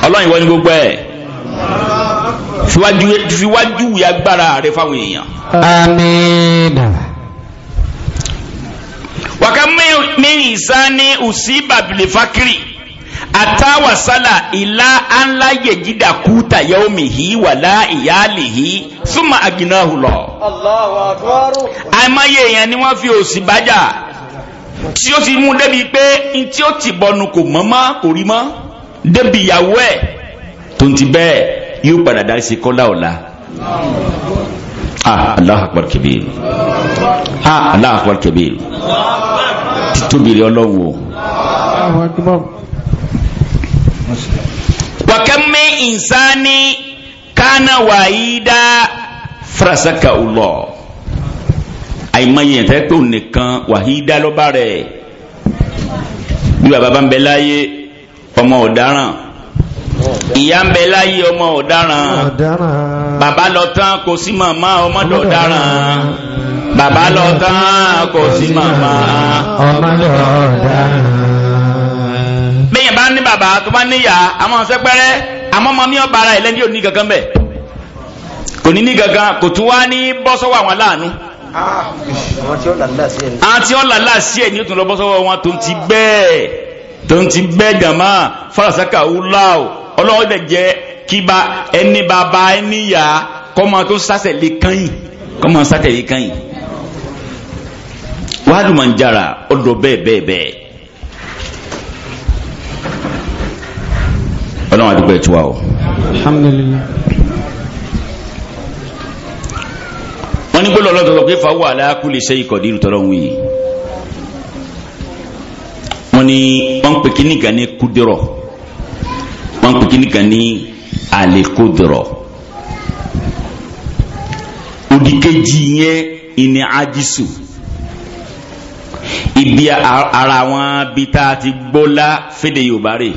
ọlọ́run ìwọ ni gbogbo ẹ̀ fiwájú agbára rẹ fáwọn èèyàn. wàkà mẹ́rin sáni ùsí bàbìlì fákìrì atawasala ila an la yejida kuta yaumihi wala iyalihi suma aginahu lọ. àìmọye èèyàn ni wọ́n fi òsì bájà tí ó fi mú débi pé tí ó ti bọnu kò mọ́ mọ́ kò rí mọ́ débi ìyàwó ẹ̀ tó ti bẹ́ẹ̀ yóò padà darí sí kọ́lá ọ̀la. ah Allahu akbar kabir ah Allahu akbar kabir títóbi rẹ ọlọ́run wa insani kana wa'ida farasaka Allah àìmọye yẹn tẹ́ pé òun nìkan wàhídá lọ́ba rẹ̀ bí bàbá bá ń bẹ láyé ọmọ ọ̀daràn ìyá ń bẹ láyé ọmọ ọ̀daràn bàbá lọ tán kò sí màmá ọmọdé ọ̀daràn bàbá lọ tán kò sí màmá ọmọdé ọ̀daràn bàbá tó bá níyà àmọ́ sẹ́pẹ́rẹ́ àmọ́ mọ́ mi ọ̀ bára ẹ̀ lẹ́ni ò ní gangan bẹ̀ kò ní ní gangan kò tún wá ní bọ́ sọ́wọ́ àwọn aláàánú. àti ọ̀là láàsì ẹ̀ ní ó tún lọ bọ́ sọ́wọ́ wọn tó ń ti bẹ́ẹ̀ tó ń ti bẹ́ẹ̀ jàmá farasaka wúláwò ọlọ́wọ́ dẹ̀ jẹ́ kíba ẹni bàbá ẹni yà kọ́mọ tó sásẹ̀ lé kányìn kọ́mọ sátẹ̀ lé kányìn. wàhálùmọ̀ ń jára ọ̀dọ̀ bẹ́ẹ̀ bẹ́ẹ̀ bẹ́ẹ̀ ọlọ́run àdúgbò ẹ̀ tí wà o. alhamdulillah. wọ́n ní gbọ́dọ̀ lọ́dọ̀ sọ pé fàáwọ̀ aláàkú lè ṣe ikọ̀ dírú tọ́lọ́ wí. wọ́n ní wọ́n ń pè kíní kan ní kúdírọ̀ wọ́n ń pè kíní kan ní àlékúdírọ̀. odikeji yẹn ìní ajísù ibi ara wọn bí tá a ti gbọ́lá fèdè yorùbá rèé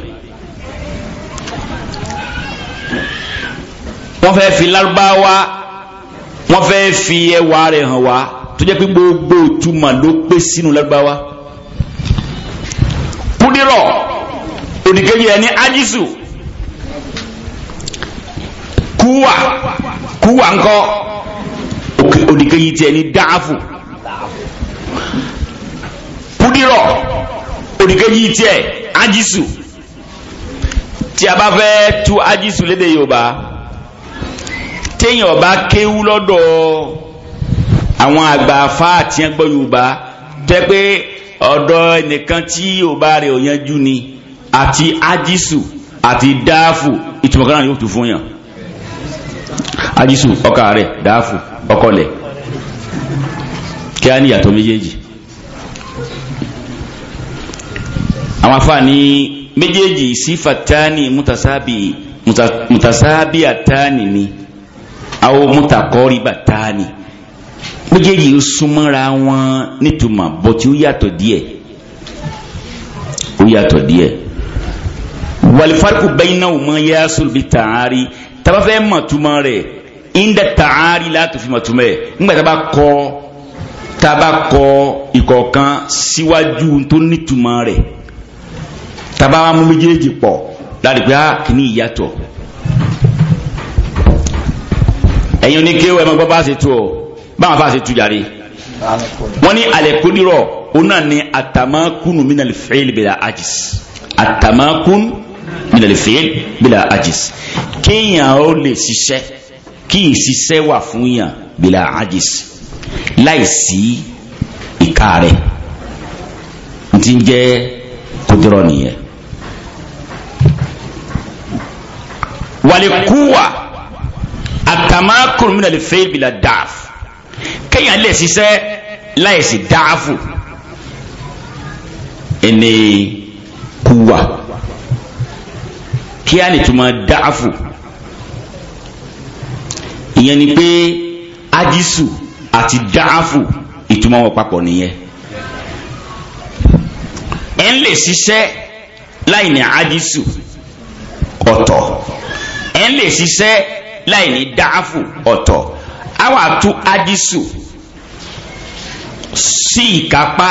wọ́n fẹ́ fi lárúbáwá wọ́n fẹ́ fi ẹwà rẹ̀ hàn wá tó jẹ́ pé gbogbo ìtumọ̀ ló pé sínú lárúbáwá kúdírọ̀ òdìkejì ẹni ájísù kúwà kúwà ńkọ́ òdìkejì tiẹ̀ ní dáàfù kúdírọ̀ òdìkejì tiẹ̀ ájísù tí a bá fẹ́ tú ájísù lédè Yorùbá téèyàn ọba kéwú lọ́dọ̀ àwọn àgbà afá àti ẹgbọ́ yorùbá tẹ́ pé ọ̀dọ̀ ẹnìkan tí yorùbá rẹ̀ ò yanjú ni àti ajísù àti dáàfù ìtumọ̀ kan náà yóò tún fún yàn ajísù ọkà rẹ̀ dáàfù ọkọlẹ̀ kí á ní ìyàtọ̀ méjèèjì àwọn afá ní méjèèjì sífàtánì mutasabi mutasabi àtánì ni. Muta, àwọn mutakọ́rí bàtà ni méjèèjì ó súnmọ́ra wọn nítumọ̀ bọ́ tí ó yàtọ̀ díẹ̀ ó yàtọ̀ díẹ̀ wàlífàrikù bẹ́yìn náà mọ yá sùlùbí tààrí tabafẹ́ mọ̀túmọ̀ rẹ̀ ìndẹ̀ tààrí láti fi mọ̀túmọ̀ rẹ̀ nígbà tá a bá kọ́ tá a bá kọ́ ìkọ̀ọ̀kan síwájú tó nítumọ̀ rẹ̀ tá a bá mú méjèèjì pọ̀ láti pé a ah, kìíní ìyàtọ̀ ẹ̀yin oníkéwò ẹ̀ máa gbọ́ bá a ṣe tu ọ báwọn afa ṣe tu jàre wọ́n ní alẹ́kùnirọ̀ òun ni àtàmákùnù mínàlì fẹ́ẹ́lì bila ajis. àtàmákùnù mínàlì fẹ́ẹ́lì bila ajis. kéèyàn ó lè ṣiṣẹ́ kí ìṣiṣẹ́ wà fún yàn bẹ̀rẹ̀ àjìs láìsí ìka rẹ̀ n ti jẹ́ kùdírọ̀ nìyẹn wàlẹ̀kùwà àtàmákùn mi nàlẹ́ fẹ́ ìbílà dáàf kéèyàn lè ṣiṣẹ́ láìsí dáàfù ẹni kuwa, kí ni nìtumọ̀ dáàfù ìyẹn ni pé ajísù àti dáàfù ìtumọ̀ wọn papọ̀ nìyẹn ẹ ń lè ṣiṣẹ́ láì ní ajísù ọ̀tọ̀ ẹ ń láì ní dáàfù ọ̀tọ̀ àwa tú adisu sí ìkápá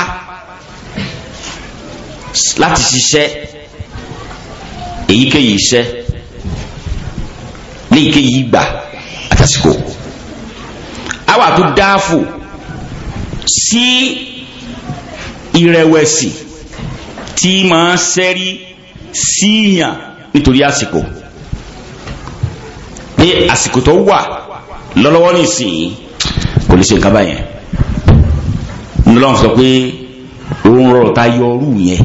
láti ṣiṣẹ́ èyíkéyìí iṣẹ́ ní èyíkéyìí ìgbà àtàsìkò àwa tú dáàfù sí ìrẹ̀wẹ̀sì tí máa ń sẹ́rí síyàn nítorí àsìkò ní àsìkò tó wà lọ́lọ́wọ́ nísìnyí kò ní ṣe nǹkan báyẹn ńlọrọ̀ sọ pé òun rọrọ̀ ta yọ ọrú yẹn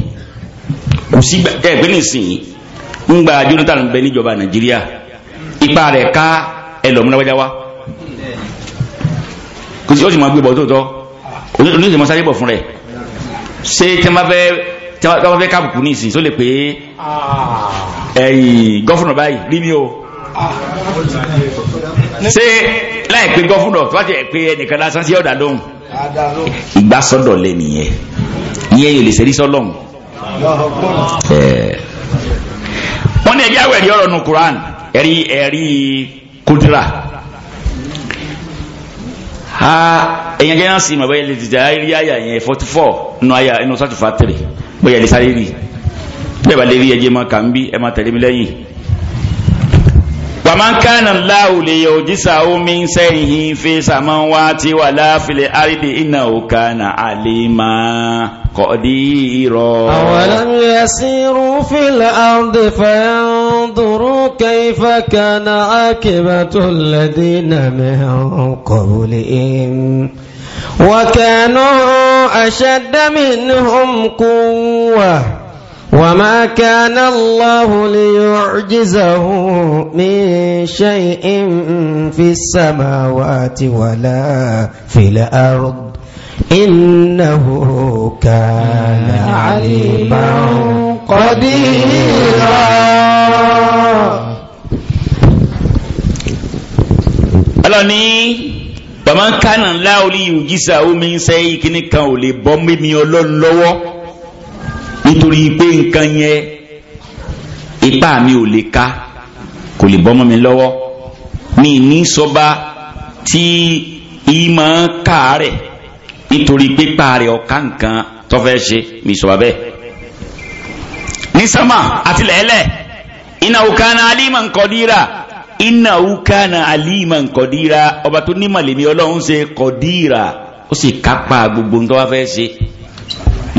kò sí ẹ̀ pé nísìnyí ń gba Jonathan bẹ níjọba Nàìjíríà ipa rẹ̀ ká ẹlòmúnáwájá wa kò sí ọ̀sìn máa gbé bọ̀ tó tọ́ oníṣẹ́ mọ́sáré bọ̀ fún rẹ̀ ṣé tí wọ́n fẹ́ tí wọ́n fẹ́ tó lè pé ẹ̀yìn gọ́fúnà báyìí rí mi o ṣé láìpẹ́ gọ́fúnọ̀ tó bá ti pé ẹnìkan lásán sí ọ̀dà lóhùn ìgbàsọ̀dọ̀ lé nìyẹn ìyẹn yóò lè ṣe rí sọ́lọ́hùn. wọ́n ní ẹgbẹ́ àwẹ̀rí ọ̀rọ̀ nu Quran ẹ̀rí ẹ̀rí kudra ha ẹ̀yẹn jẹ́ náà sì mọ̀ bẹ́ẹ̀ lè dìjà rí àyà yẹn forty four nù àyà inú sátúfà tẹ̀lé bóyá lè sáré rí bẹ́ẹ̀ bá lè rí ẹjẹ́ máa kà ń bí ẹ máa tẹ̀lé mi lẹ́yìn. فمن كان الله ليعجزه من سره في السماوات ولا في الأرض إنه كان عليما قديرا أولم يسيروا في الأرض فينظروا كيف كان عاقبة الذين من قبلهم وكانوا أشد منهم قوة وما كان الله ليعجزه من شيء في السماوات ولا في الأرض إنه كان عليما قديرا ألاني وما كان الله ليعجزه من شيء كنكا لبوم من الله nítorí pé nǹkan yẹn ipá mi ò lè ka kò lè bọ́ mọ́ mi lọ́wọ́ mi ní sọba tí ìmọ̀ káàárẹ̀ nítorí pípa rẹ̀ ọ̀ka nǹkan tó fẹ́ ṣe mi sọba bẹ́ẹ̀ ní sámà àtìlẹ́lẹ̀ iná òkàna alímọ̀ nkọ̀díra iná òkàna alímọ̀ nkọ̀díra ọba tó ní màlèmí ọlọ́run ṣe kọ̀díra ó sì kápá gbogbo nǹkan wá fẹ́ ṣe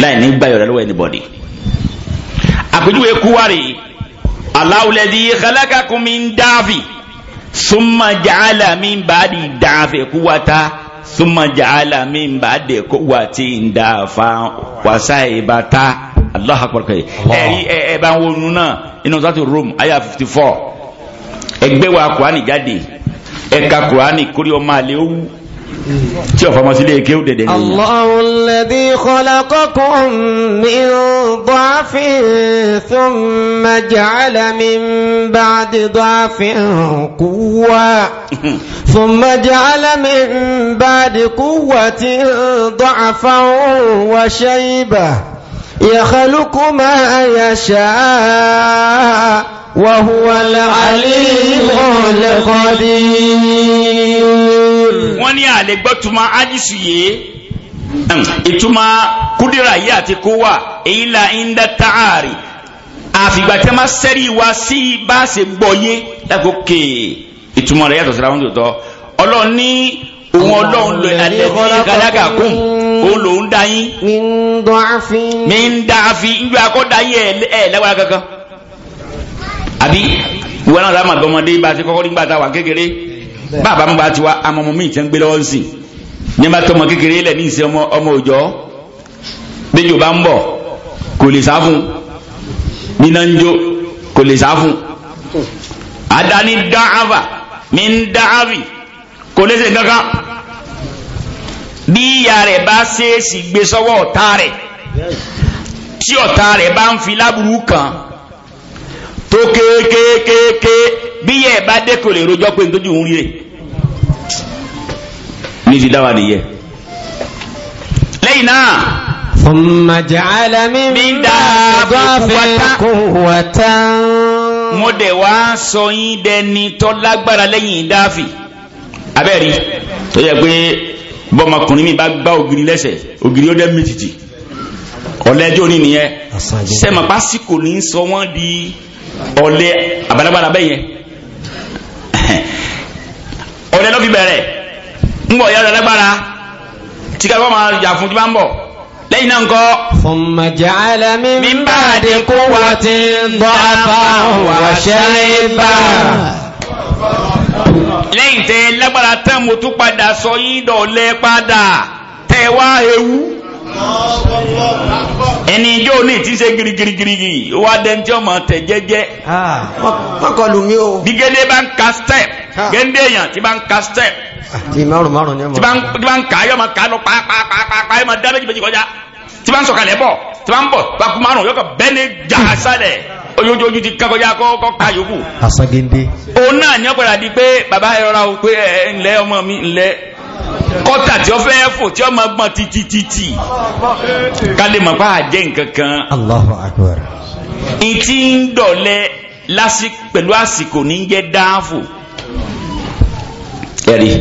láì ní gbàyọ̀ lọ́wọ́ ẹnìbọ̀dì àpèjúwe kúwárì Allahu ladhi khalaqakum min dáàfì summa ja'ala min ba'di dáàfì quwwata summa ja'ala min ba'di quwwatin dáàfà wasaibata Allahu akbar ẹ̀rí ẹ̀ẹ́bà wọnú náà inú sátì Rome aya fifty four ẹgbẹ́ wa kùránì jáde ẹ̀ka kùránì kórìí ọmọ àlẹ́ òwú tí ọ̀fà mọ́ sí ilé kí ó dẹ̀dẹ̀ ní Allahul ladhi khalaqakum min da'fin thumma ja'ala min ba'di da'fin quwwa thumma ja'ala min ba'di quwwatin da'fan wa shaybah yakhluqu وهو العليم القدير wọ́n ní àlè gbọ́tuma ájísù yìí hmm. ìtumọ̀ kúdìrà yìí àti kó wà èyí là ń dá tààrí àfìgbà tí a máa sẹ́rí wa sí bá a ṣe gbọ́ yé lágbo ké ìtumọ̀ rẹ̀ yàtọ̀ síra wọn tó tọ́ ọlọ́run ní òun ọlọ́run lọ àdẹ́bí gàdágà kún òun lòún dá yín. mi ń dá fi ń dá akọ́ dá yín ẹ̀ lágbára kankan àbí ìwọ náà lámà gbọmọdé bá ti kọ́kọ́ nígbà tá a wà kékeré bàbá mi bá ti wá amọmọ mi ti ń gbé lọ́wọ́ sí ní bá tọmọ kékeré lẹ̀ ní ìsìn ọmọ ọmọ òjọ́ bẹ́ẹ̀ yóò ń bọ̀ kò lè sá fún nínà ń jó kò lè sá fún adani dáhàfà ní ń dáhàfì kò lè ṣe kankan bí ìyá rẹ̀ bá ṣèèṣì gbé sọ́wọ́ ọ̀tá rẹ̀ tí ọ̀tá rẹ̀ bá ń fi láburú kàn tó kéékéékéé bí yẹ ẹ bá dé kò lè rojọ́ pé nítorí òun rí rè ní ti dá wa nìyẹn lẹ́yìn náà. ثم جعل من دابة قوة mo dẹ̀ wá sọ yín dẹni tó lágbára lẹ́yìn dáàfì abẹ́rí tó yẹ pé bọ́mọkùnrin mi bá gbá ògiri lẹ́sẹ̀ ògiri ó dẹ́ mi tìtì ọ̀lẹ́jọ́ ní nìyẹn sẹ́mọ̀pá sì ní sọ wọ́n di ọ̀lẹ àbálágbára bẹ́ẹ̀ yẹn ọ̀lẹ ló fi bẹ̀rẹ̀ ń bọ̀ yára lágbára tí ká kọ́ máa jà fún tí bá ń bọ̀ lẹ́yìn náà ń kọ́. thumma ja'ala min ba'di quwwatin da'fan wa shayba. lẹ́yìn tẹ lágbára tán mo tún padà sọ yín dọ̀lẹ́ padà tẹ wá ewu ẹni ijó ní ti ṣe girigirigiri ó wá dẹ́n tí ọmọ tẹ̀ jẹ́jẹ́. mọ́kànlù mi o. bí gédé bá ń ka step gédé èèyàn tí bá ń ka step. ti márùn márùn ni ẹ mọ. tí bá ń ka yọ ma ka lọ pàápàápàá yọ ma dá méjì méjì kọjá tí bá ń sọ̀kalẹ̀ bọ̀ tí bá ń bọ̀ bá kú márùn yọ kọ bẹ́ẹ̀ ni jà sálẹ̀ ojoojú ti kakọjá kọ́kọ́ ka yòókù. àságéńdé. òun náà ní ọ̀pẹ̀lá di pé bàbá ẹ̀rọ o pé ẹ̀ ńlẹ́ ọmọ mi ńlẹ́ kọ́tà tí ó fẹ́ fò tí ó máa gbọ́n títí títí kálé mọ̀ pé àjẹ́ nǹkan kan Allahu Akbar ìtí ń dọ̀lẹ́ pẹ̀lú àsìkò ní jẹ́ dáàfò ẹ̀rí